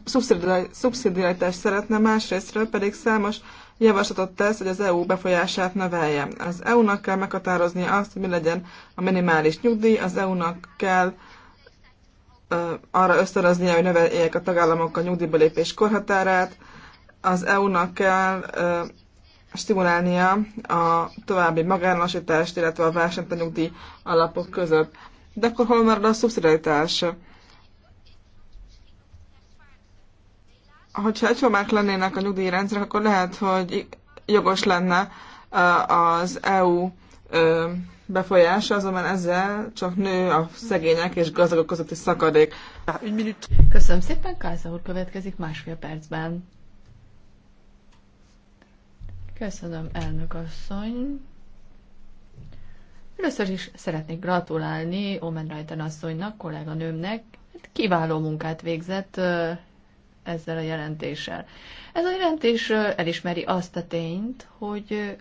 szeretne, más részről pedig számos javaslatot tesz, hogy az EU befolyását növelje. Az EU-nak kell meghatározni azt, hogy mi legyen a minimális nyugdíj, az EU-nak kell arra ösztönöznie, hogy növeljék a tagállamok a nyugdíjba lépés korhatárát. Az EU-nak kell stimulálnia a további magánosítást, illetve a versenyt a nyugdíj alapok között. De akkor hol marad a szubszidiaritás? Hogyha egyformák lennének a nyugdíjrendszerek, akkor lehet, hogy jogos lenne az EU befolyása, azonban ezzel csak nő a szegények és gazdagok közötti szakadék. Köszönöm szépen, Káza úr következik másfél percben. Köszönöm, elnök asszony. Először is szeretnék gratulálni Omen Rajten asszonynak, kolléganőmnek. Hát kiváló munkát végzett ezzel a jelentéssel. Ez a jelentés elismeri azt a tényt, hogy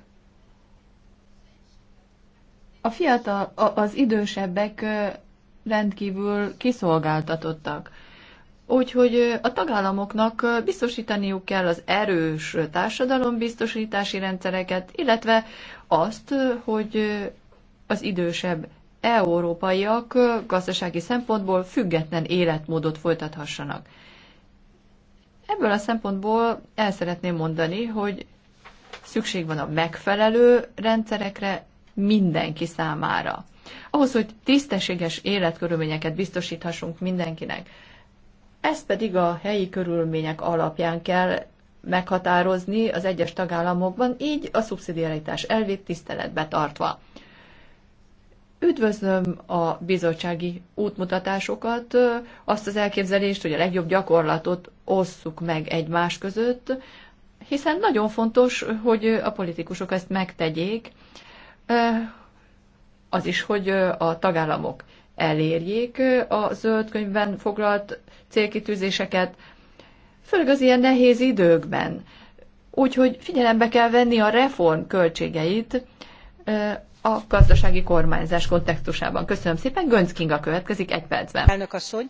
a fiatal, az idősebbek rendkívül kiszolgáltatottak. Úgyhogy a tagállamoknak biztosítaniuk kell az erős társadalombiztosítási rendszereket, illetve azt, hogy az idősebb európaiak gazdasági szempontból független életmódot folytathassanak. Ebből a szempontból el szeretném mondani, hogy szükség van a megfelelő rendszerekre, mindenki számára. Ahhoz, hogy tisztességes életkörülményeket biztosíthassunk mindenkinek. Ezt pedig a helyi körülmények alapján kell meghatározni az egyes tagállamokban, így a szubszidiaritás elvét tiszteletbe tartva. Üdvözlöm a bizottsági útmutatásokat, azt az elképzelést, hogy a legjobb gyakorlatot osszuk meg egymás között, hiszen nagyon fontos, hogy a politikusok ezt megtegyék, az is, hogy a tagállamok elérjék a zöld könyvben foglalt célkitűzéseket, főleg az ilyen nehéz időkben. Úgyhogy figyelembe kell venni a reform költségeit a gazdasági kormányzás kontextusában. Köszönöm szépen, Gönc Kinga következik egy percben. Elnök asszony,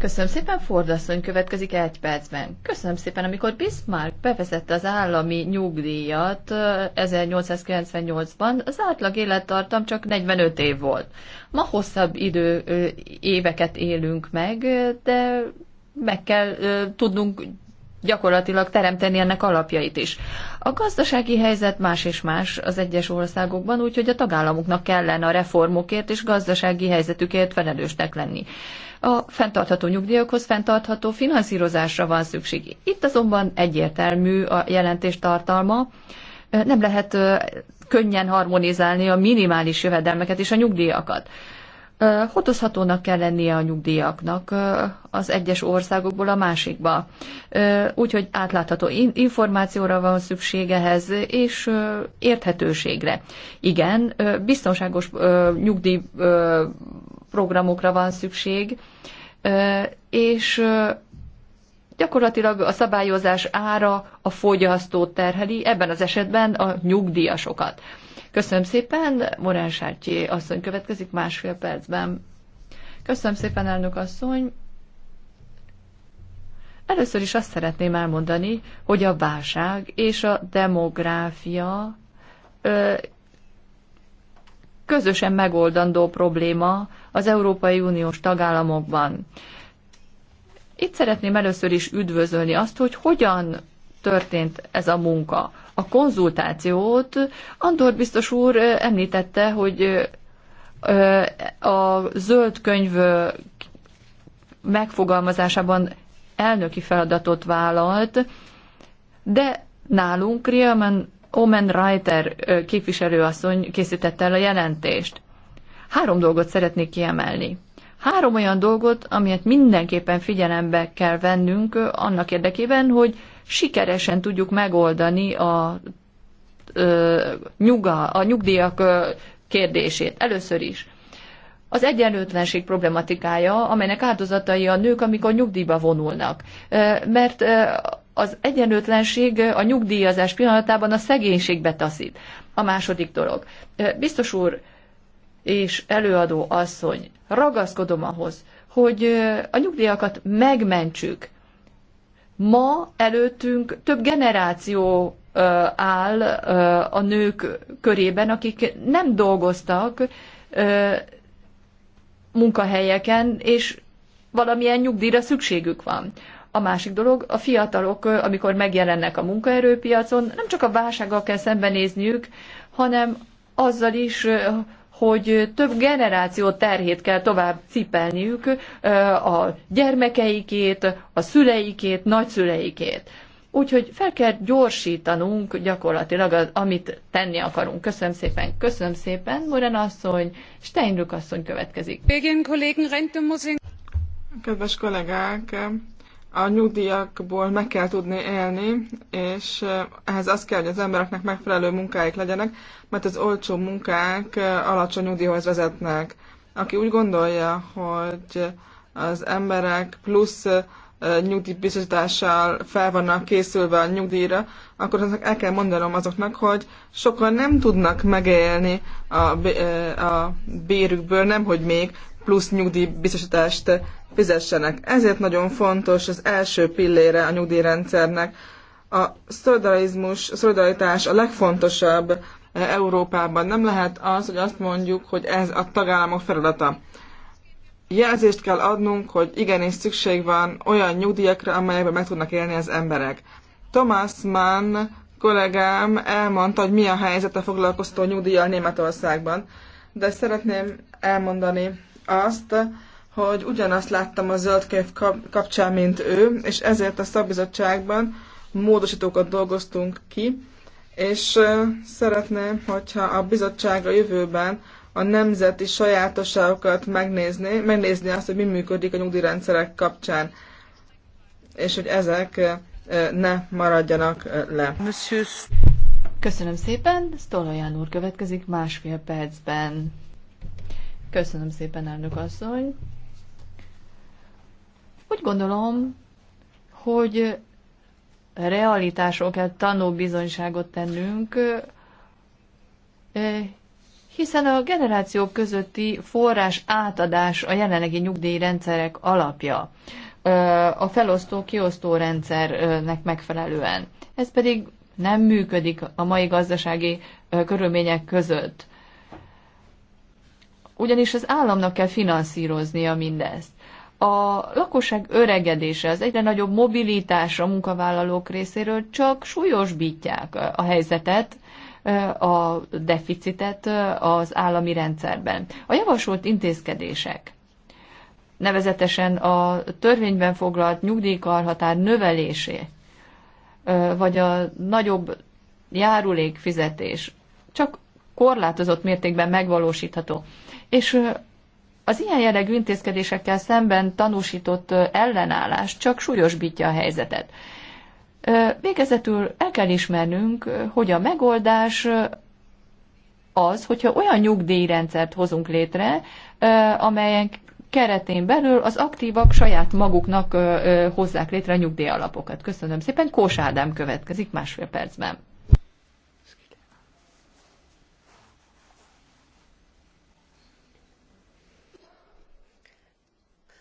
Köszönöm szépen, Fordasszony következik egy percben. Köszönöm szépen, amikor Bismarck bevezette az állami nyugdíjat 1898-ban, az átlag élettartam csak 45 év volt. Ma hosszabb idő éveket élünk meg, de meg kell tudnunk gyakorlatilag teremteni ennek alapjait is. A gazdasági helyzet más és más az egyes országokban, úgyhogy a tagállamoknak kellene a reformokért és gazdasági helyzetükért felelősnek lenni a fenntartható nyugdíjakhoz fenntartható finanszírozásra van szükség. Itt azonban egyértelmű a jelentés tartalma, nem lehet könnyen harmonizálni a minimális jövedelmeket és a nyugdíjakat. Hotozhatónak kell lennie a nyugdíjaknak az egyes országokból a másikba. Úgyhogy átlátható információra van szükségehez, és érthetőségre. Igen, biztonságos nyugdíj programokra van szükség, és gyakorlatilag a szabályozás ára a fogyasztót terheli, ebben az esetben a nyugdíjasokat. Köszönöm szépen, Morán Sártyé asszony következik másfél percben. Köszönöm szépen, elnök asszony. Először is azt szeretném elmondani, hogy a válság és a demográfia közösen megoldandó probléma az Európai Uniós tagállamokban. Itt szeretném először is üdvözölni azt, hogy hogyan történt ez a munka. A konzultációt Andor biztos úr említette, hogy a zöld könyv megfogalmazásában elnöki feladatot vállalt, de nálunk Riemann Omen Reiter képviselőasszony készítette el a jelentést. Három dolgot szeretnék kiemelni. Három olyan dolgot, amit mindenképpen figyelembe kell vennünk annak érdekében, hogy sikeresen tudjuk megoldani a, ö, a nyugdíjak kérdését. Először is. Az egyenlőtlenség problematikája, amelynek áldozatai a nők, amikor nyugdíjba vonulnak. Mert az egyenlőtlenség a nyugdíjazás pillanatában a szegénységbe taszít. A második dolog. Biztos úr és előadó asszony, ragaszkodom ahhoz, hogy a nyugdíjakat megmentsük. Ma előttünk több generáció áll a nők körében, akik nem dolgoztak munkahelyeken, és valamilyen nyugdíjra szükségük van. A másik dolog, a fiatalok, amikor megjelennek a munkaerőpiacon, nem csak a válsággal kell szembenézniük, hanem azzal is, hogy több generáció terhét kell tovább cipelniük a gyermekeikét, a szüleikét, nagyszüleikét. Úgyhogy fel kell gyorsítanunk gyakorlatilag, az, amit tenni akarunk. Köszönöm szépen, köszönöm szépen, Moren asszony, Steinrück asszony következik. Kedves kollégák, a nyugdíjakból meg kell tudni élni, és ehhez az kell, hogy az embereknek megfelelő munkáik legyenek, mert az olcsó munkák alacsony nyugdíjhoz vezetnek. Aki úgy gondolja, hogy az emberek plusz nyugdíjbiztosítással fel vannak készülve a nyugdíjra, akkor azok el kell mondanom azoknak, hogy sokan nem tudnak megélni a, a bérükből, nem hogy még plusz nyugdíjbiztosítást fizessenek. Ezért nagyon fontos az első pillére a nyugdíjrendszernek. A szolidarizmus, a szolidaritás a legfontosabb eh, Európában. Nem lehet az, hogy azt mondjuk, hogy ez a tagállamok feladata. Jelzést kell adnunk, hogy igenis szükség van olyan nyugdíjakra, amelyekben meg tudnak élni az emberek. Thomas Mann kollégám elmondta, hogy mi a helyzet a foglalkoztató nyugdíjjal Németországban, de szeretném elmondani azt, hogy ugyanazt láttam a zöld kapcsán, mint ő, és ezért a szabizottságban módosítókat dolgoztunk ki, és szeretném, hogyha a bizottság a jövőben a nemzeti sajátosságokat megnézni, megnézni azt, hogy mi működik a nyugdíjrendszerek kapcsán, és hogy ezek ne maradjanak le. Köszönöm szépen, Stolaján úr következik másfél percben. Köszönöm szépen, elnök asszony. Úgy gondolom, hogy realitásról kell tanúbizonyságot tennünk, hiszen a generációk közötti forrás átadás a jelenlegi nyugdíjrendszerek alapja a felosztó-kiosztó rendszernek megfelelően. Ez pedig nem működik a mai gazdasági körülmények között. Ugyanis az államnak kell finanszíroznia mindezt a lakosság öregedése, az egyre nagyobb mobilitás a munkavállalók részéről csak súlyosbítják a helyzetet, a deficitet az állami rendszerben. A javasolt intézkedések, nevezetesen a törvényben foglalt nyugdíjkarhatár növelésé, vagy a nagyobb járulékfizetés csak korlátozott mértékben megvalósítható. És az ilyen jellegű intézkedésekkel szemben tanúsított ellenállás csak súlyosbítja a helyzetet. Végezetül el kell ismernünk, hogy a megoldás az, hogyha olyan nyugdíjrendszert hozunk létre, amelyen keretén belül az aktívak saját maguknak hozzák létre a nyugdíjalapokat. Köszönöm szépen. Kós Ádám következik másfél percben.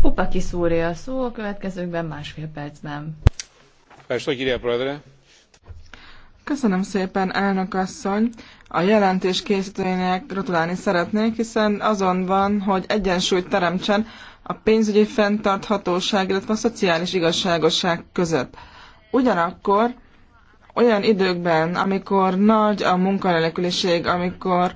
Pupa kiszúrja a szó a következőkben másfél percben. Köszönöm szépen, elnök asszony! A jelentés készítőjének gratulálni szeretnék, hiszen azon van, hogy egyensúlyt teremtsen a pénzügyi fenntarthatóság, illetve a szociális igazságosság között. Ugyanakkor olyan időkben, amikor nagy a munkanélküliség, amikor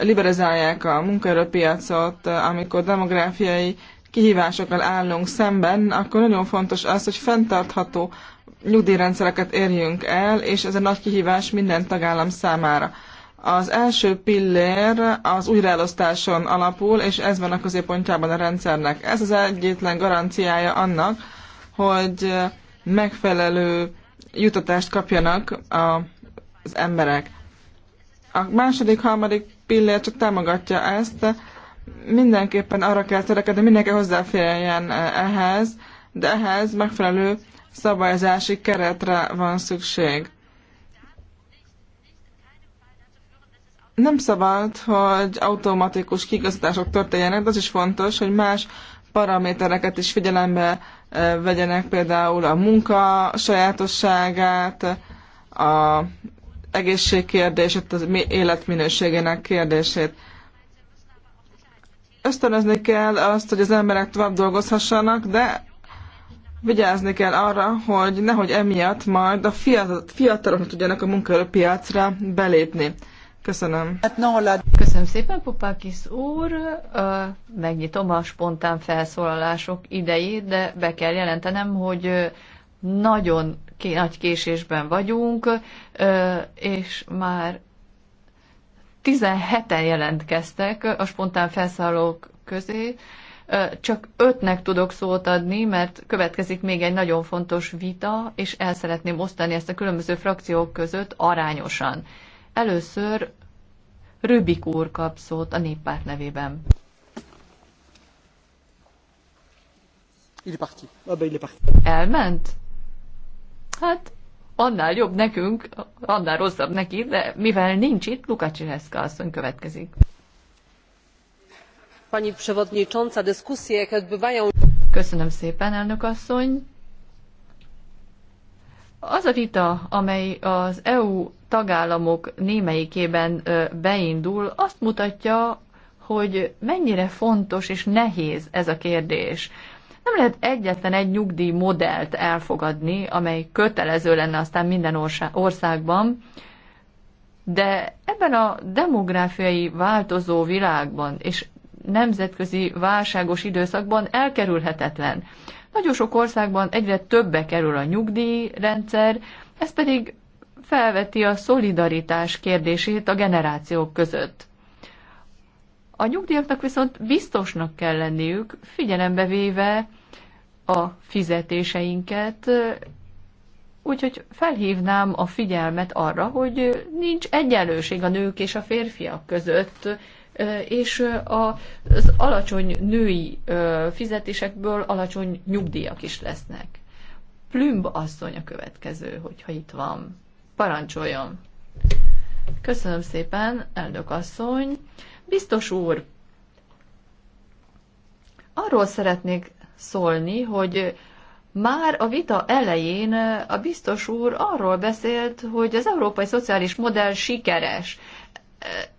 liberalizálják a munkaerőpiacot, amikor demográfiai kihívásokkal állunk szemben, akkor nagyon fontos az, hogy fenntartható nyugdíjrendszereket érjünk el, és ez a nagy kihívás minden tagállam számára. Az első pillér az újraelosztáson alapul, és ez van a középpontjában a rendszernek. Ez az egyetlen garanciája annak, hogy megfelelő jutatást kapjanak az emberek. A második, harmadik pillér csak támogatja ezt, mindenképpen arra kell törekedni, mindenki hozzáférjen eh, ehhez, de ehhez megfelelő szabályzási keretre van szükség. Nem szabad, hogy automatikus kigazítások történjenek, de az is fontos, hogy más paramétereket is figyelembe eh, vegyenek, például a munka sajátosságát, a egészségkérdését, az életminőségének kérdését ösztönözni kell azt, hogy az emberek tovább dolgozhassanak, de vigyázni kell arra, hogy nehogy emiatt majd a fiatalok tudjanak a munkaerőpiacra belépni. Köszönöm. Köszönöm szépen, Popákis úr. Megnyitom a spontán felszólalások idejét, de be kell jelentenem, hogy nagyon nagy késésben vagyunk, és már 17-en jelentkeztek a spontán felszállók közé, csak ötnek tudok szót adni, mert következik még egy nagyon fontos vita, és el szeretném osztani ezt a különböző frakciók között arányosan. Először Rübik úr kap szót a néppárt nevében. Il est parti. Ah ben, il est parti. Elment? Hát, annál jobb nekünk, annál rosszabb neki, de mivel nincs itt, Lukacsiheszka asszony következik. Pani przewodnicząca, dyskusje, odbywają... Köszönöm szépen, elnök asszony. Az a vita, amely az EU tagállamok némelyikében beindul, azt mutatja, hogy mennyire fontos és nehéz ez a kérdés. Nem lehet egyetlen egy nyugdíj modellt elfogadni, amely kötelező lenne aztán minden országban, de ebben a demográfiai változó világban és nemzetközi válságos időszakban elkerülhetetlen. Nagyon sok országban egyre többe kerül a nyugdíjrendszer, ez pedig felveti a szolidaritás kérdését a generációk között. A nyugdíjaknak viszont biztosnak kell lenniük, figyelembe véve a fizetéseinket, úgyhogy felhívnám a figyelmet arra, hogy nincs egyenlőség a nők és a férfiak között, és az alacsony női fizetésekből alacsony nyugdíjak is lesznek. Plümb asszony a következő, hogyha itt van. Parancsoljon! Köszönöm szépen, elnök asszony! Biztos úr, arról szeretnék szólni, hogy már a vita elején a biztos úr arról beszélt, hogy az európai szociális modell sikeres.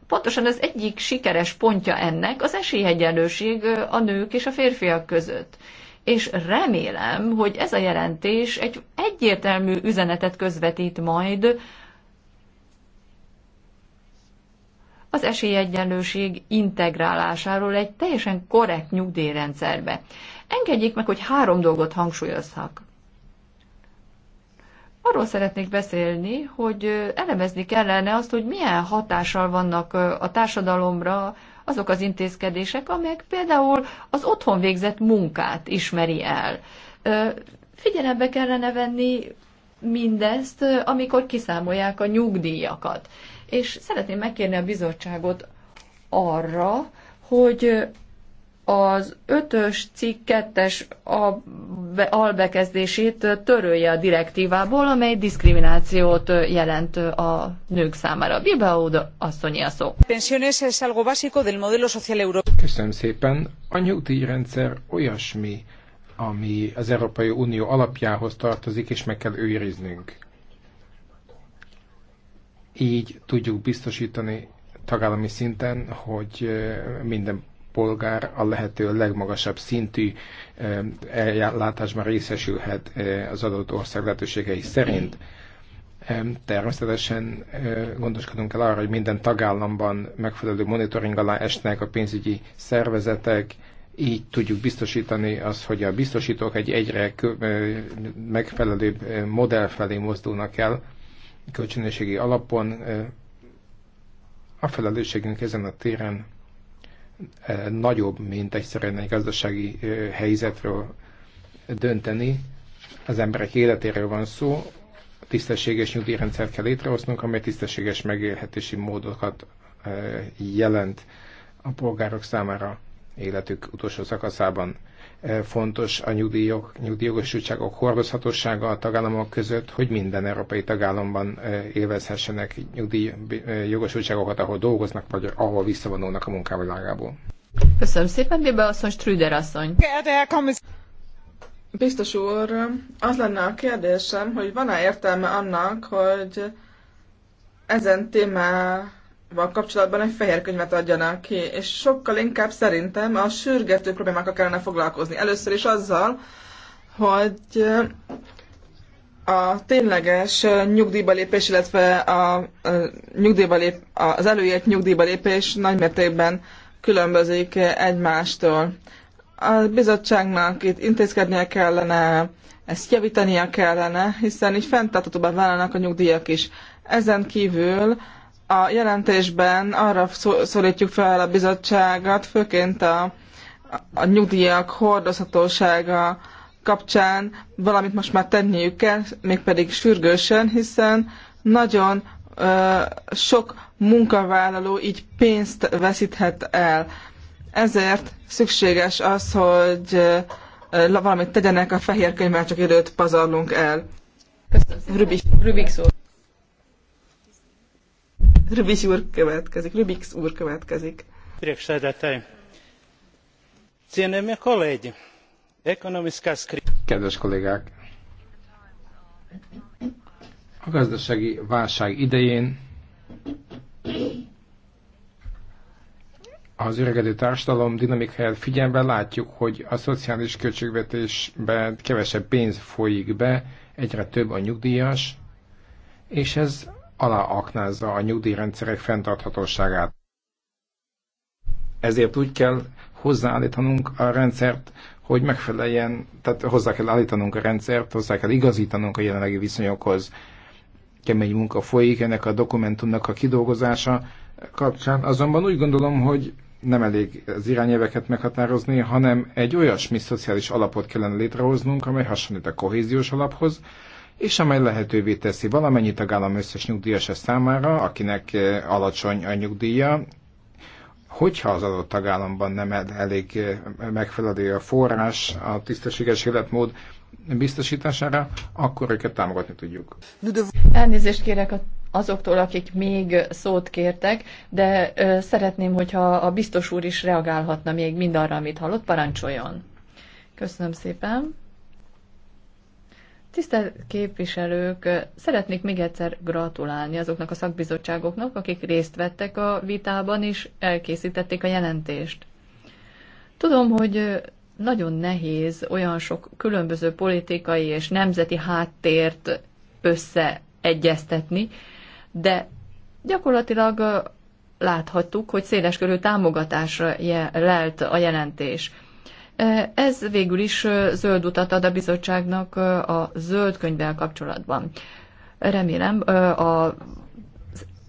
Pontosan az egyik sikeres pontja ennek az esélyegyenlőség a nők és a férfiak között. És remélem, hogy ez a jelentés egy egyértelmű üzenetet közvetít majd az esélyegyenlőség integrálásáról egy teljesen korrekt nyugdíjrendszerbe. Engedjék meg, hogy három dolgot hangsúlyozhak. Arról szeretnék beszélni, hogy elemezni kellene azt, hogy milyen hatással vannak a társadalomra azok az intézkedések, amelyek például az otthon végzett munkát ismeri el. Figyelembe kellene venni mindezt, amikor kiszámolják a nyugdíjakat és szeretném megkérni a bizottságot arra, hogy az ötös cikk kettes albekezdését törölje a direktívából, amely diszkriminációt jelent a nők számára. Bilbao asszonyi a szó. Köszönöm szépen. A nyugdíjrendszer olyasmi, ami az Európai Unió alapjához tartozik, és meg kell őriznünk így tudjuk biztosítani tagállami szinten, hogy minden polgár a lehető legmagasabb szintű ellátásban részesülhet az adott ország lehetőségei szerint. Természetesen gondoskodunk el arra, hogy minden tagállamban megfelelő monitoring alá esnek a pénzügyi szervezetek, így tudjuk biztosítani azt, hogy a biztosítók egy egyre megfelelőbb modell felé mozdulnak el, kölcsönösségi alapon a felelősségünk ezen a téren nagyobb, mint egyszerűen egy gazdasági helyzetről dönteni. Az emberek életéről van szó, tisztességes nyugdíjrendszert kell létrehoznunk, amely tisztességes megélhetési módokat jelent a polgárok számára életük utolsó szakaszában. E, fontos a nyugdíjok, nyugdíjogosultságok hordozhatósága a tagállamok között, hogy minden európai tagállamban e, élvezhessenek nyugdíjjogosultságokat, e, ahol dolgoznak, vagy ahol visszavonulnak a munkavilágából. Köszönöm szépen, Bébe asszony, Strüder asszony. Biztos úr, az lenne a kérdésem, hogy van-e értelme annak, hogy ezen témá van kapcsolatban egy fehér könyvet adjanak ki, és sokkal inkább szerintem a sürgető problémákkal kellene foglalkozni. Először is azzal, hogy a tényleges nyugdíjba lépés, illetve a, nyugdíjba lép, az előírt nyugdíjba lépés nagymértékben különbözik egymástól. A bizottságnak itt intézkednie kellene, ezt javítania kellene, hiszen így fenntartatóban válnak a nyugdíjak is. Ezen kívül a jelentésben arra szólítjuk fel a bizottságot, főként a, a nyugdíjak hordozhatósága kapcsán valamit most már tenniük kell, mégpedig sürgősen, hiszen nagyon ö, sok munkavállaló így pénzt veszíthet el. Ezért szükséges az, hogy ö, valamit tegyenek, a fehér könyvvel csak időt pazarlunk el. Köszönöm. Rubik, Rubik szó. Rubis úr következik, Rubix úr következik. Kedves kollégák! A gazdasági válság idején az öregedő társadalom dinamikáját figyelve látjuk, hogy a szociális költségvetésben kevesebb pénz folyik be, egyre több a nyugdíjas, és ez aláaknázza a nyugdíjrendszerek fenntarthatóságát. Ezért úgy kell hozzáállítanunk a rendszert, hogy megfeleljen, tehát hozzá kell állítanunk a rendszert, hozzá kell igazítanunk a jelenlegi viszonyokhoz. Kemény munka folyik ennek a dokumentumnak a kidolgozása kapcsán. Azonban úgy gondolom, hogy nem elég az irányelveket meghatározni, hanem egy olyasmi szociális alapot kellene létrehoznunk, amely hasonlít a kohéziós alaphoz, és amely lehetővé teszi valamennyi tagállam összes nyugdíjasa számára, akinek eh, alacsony a nyugdíja, hogyha az adott tagállamban nem elég eh, megfelelő a forrás a tisztességes életmód biztosítására, akkor őket támogatni tudjuk. Elnézést kérek a azoktól, akik még szót kértek, de ö, szeretném, hogyha a biztos úr is reagálhatna még mindarra, amit hallott, parancsoljon. Köszönöm szépen. Tisztelt képviselők, szeretnék még egyszer gratulálni azoknak a szakbizottságoknak, akik részt vettek a vitában és elkészítették a jelentést. Tudom, hogy nagyon nehéz olyan sok különböző politikai és nemzeti háttért összeegyeztetni, de gyakorlatilag láthattuk, hogy széleskörű támogatásra lelt a jelentés. Ez végül is zöld utat ad a bizottságnak a zöld könyvvel kapcsolatban. Remélem a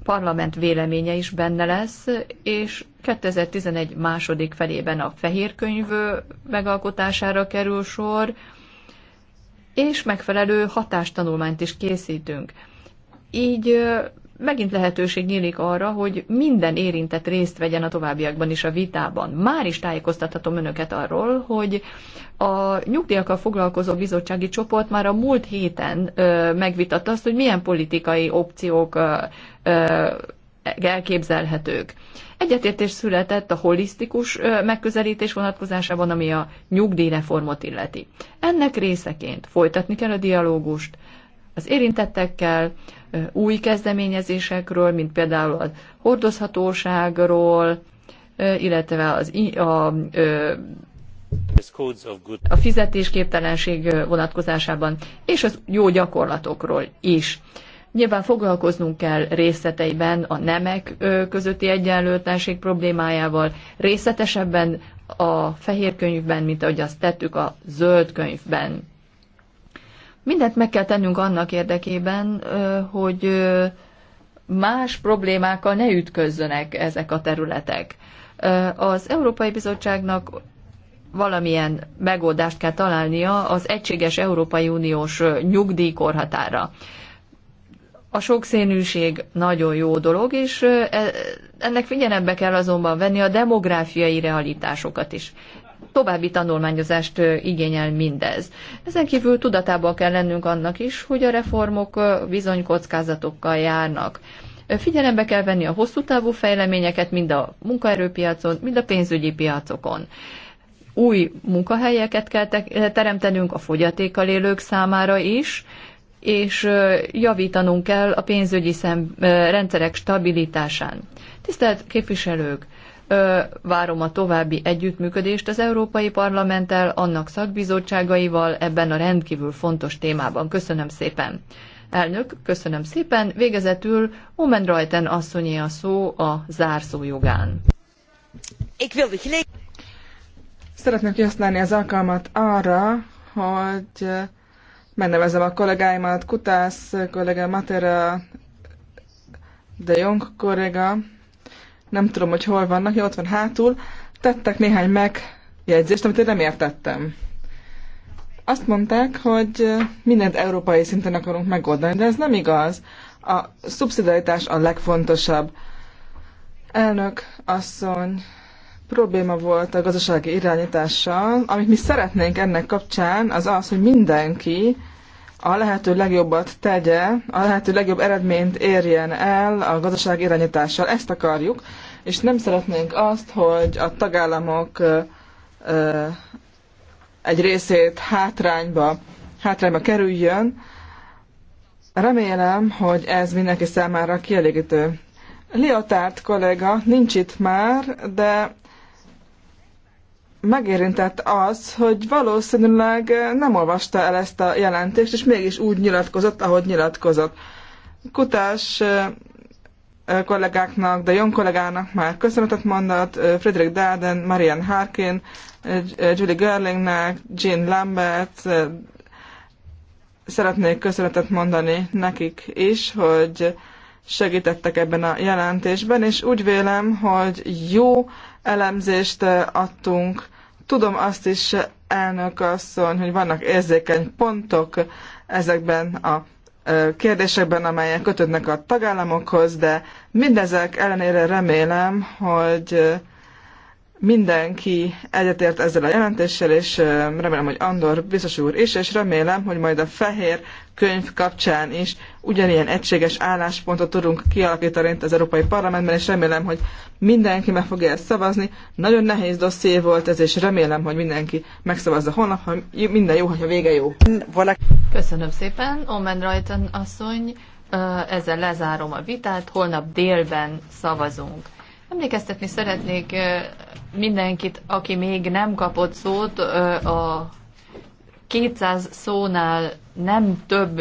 parlament véleménye is benne lesz, és 2011 második felében a fehér könyv megalkotására kerül sor, és megfelelő hatástanulmányt is készítünk. Így megint lehetőség nyílik arra, hogy minden érintett részt vegyen a továbbiakban is a vitában. Már is tájékoztathatom önöket arról, hogy a nyugdíjakkal foglalkozó bizottsági csoport már a múlt héten ö, megvitatta azt, hogy milyen politikai opciók ö, ö, elképzelhetők. Egyetértés született a holisztikus megközelítés vonatkozásában, ami a nyugdíjreformot illeti. Ennek részeként folytatni kell a dialógust, az érintettekkel, új kezdeményezésekről, mint például a hordozhatóságról, illetve az, a, a fizetésképtelenség vonatkozásában, és az jó gyakorlatokról is. Nyilván foglalkoznunk kell részleteiben a nemek közötti egyenlőtlenség problémájával, részletesebben a fehér könyvben, mint ahogy azt tettük a zöld könyvben. Mindent meg kell tennünk annak érdekében, hogy más problémákkal ne ütközzönek ezek a területek. Az Európai Bizottságnak valamilyen megoldást kell találnia az egységes Európai Uniós nyugdíjkorhatára. A sokszínűség nagyon jó dolog, és e, ennek figyelembe kell azonban venni a demográfiai realitásokat is további tanulmányozást igényel mindez. Ezen kívül tudatában kell lennünk annak is, hogy a reformok bizony kockázatokkal járnak. Figyelembe kell venni a hosszú távú fejleményeket mind a munkaerőpiacon, mind a pénzügyi piacokon új munkahelyeket kell teremtenünk a fogyatékkal élők számára is, és javítanunk kell a pénzügyi szem, rendszerek stabilitásán. Tisztelt képviselők, várom a további együttműködést az Európai Parlamenttel, annak szakbizottságaival ebben a rendkívül fontos témában. Köszönöm szépen. Elnök, köszönöm szépen. Végezetül Omen Rajten asszonyé a szó a zárszó jogán. Szeretném kihasználni az alkalmat arra, hogy megnevezem a kollégáimat, Kutász kollega Matera, de Jong kollega, nem tudom, hogy hol vannak, jó, ott van hátul, tettek néhány megjegyzést, amit én nem értettem. Azt mondták, hogy mindent európai szinten akarunk megoldani, de ez nem igaz. A szubszidaritás a legfontosabb. Elnök asszony, probléma volt a gazdasági irányítással, amit mi szeretnénk ennek kapcsán, az az, hogy mindenki a lehető legjobbat tegye, a lehető legjobb eredményt érjen el a gazdaság irányítással. Ezt akarjuk, és nem szeretnénk azt, hogy a tagállamok egy részét hátrányba, hátrányba kerüljön. Remélem, hogy ez mindenki számára kielégítő. Liotárt kollega nincs itt már, de megérintett az, hogy valószínűleg nem olvasta el ezt a jelentést, és mégis úgy nyilatkozott, ahogy nyilatkozott. Kutás kollégáknak, de Jon kollégának már köszönetet mondott, Friedrich Daden, Marian Harkin, Julie Gerlingnek, Jean Lambert, szeretnék köszönetet mondani nekik is, hogy segítettek ebben a jelentésben, és úgy vélem, hogy jó elemzést adtunk. Tudom azt is, elnök asszony, hogy vannak érzékeny pontok ezekben a kérdésekben, amelyek kötődnek a tagállamokhoz, de mindezek ellenére remélem, hogy mindenki egyetért ezzel a jelentéssel, és remélem, hogy Andor biztos úr is, és remélem, hogy majd a fehér könyv kapcsán is ugyanilyen egységes álláspontot tudunk kialakítani itt az Európai Parlamentben, és remélem, hogy mindenki meg fogja ezt szavazni. Nagyon nehéz dosszié volt ez, és remélem, hogy mindenki megszavazza holnap, ha minden jó, ha vége jó. Köszönöm szépen, Omen Rajtan asszony. Ezzel lezárom a vitát, holnap délben szavazunk. Emlékeztetni szeretnék mindenkit, aki még nem kapott szót, a 200 szónál nem több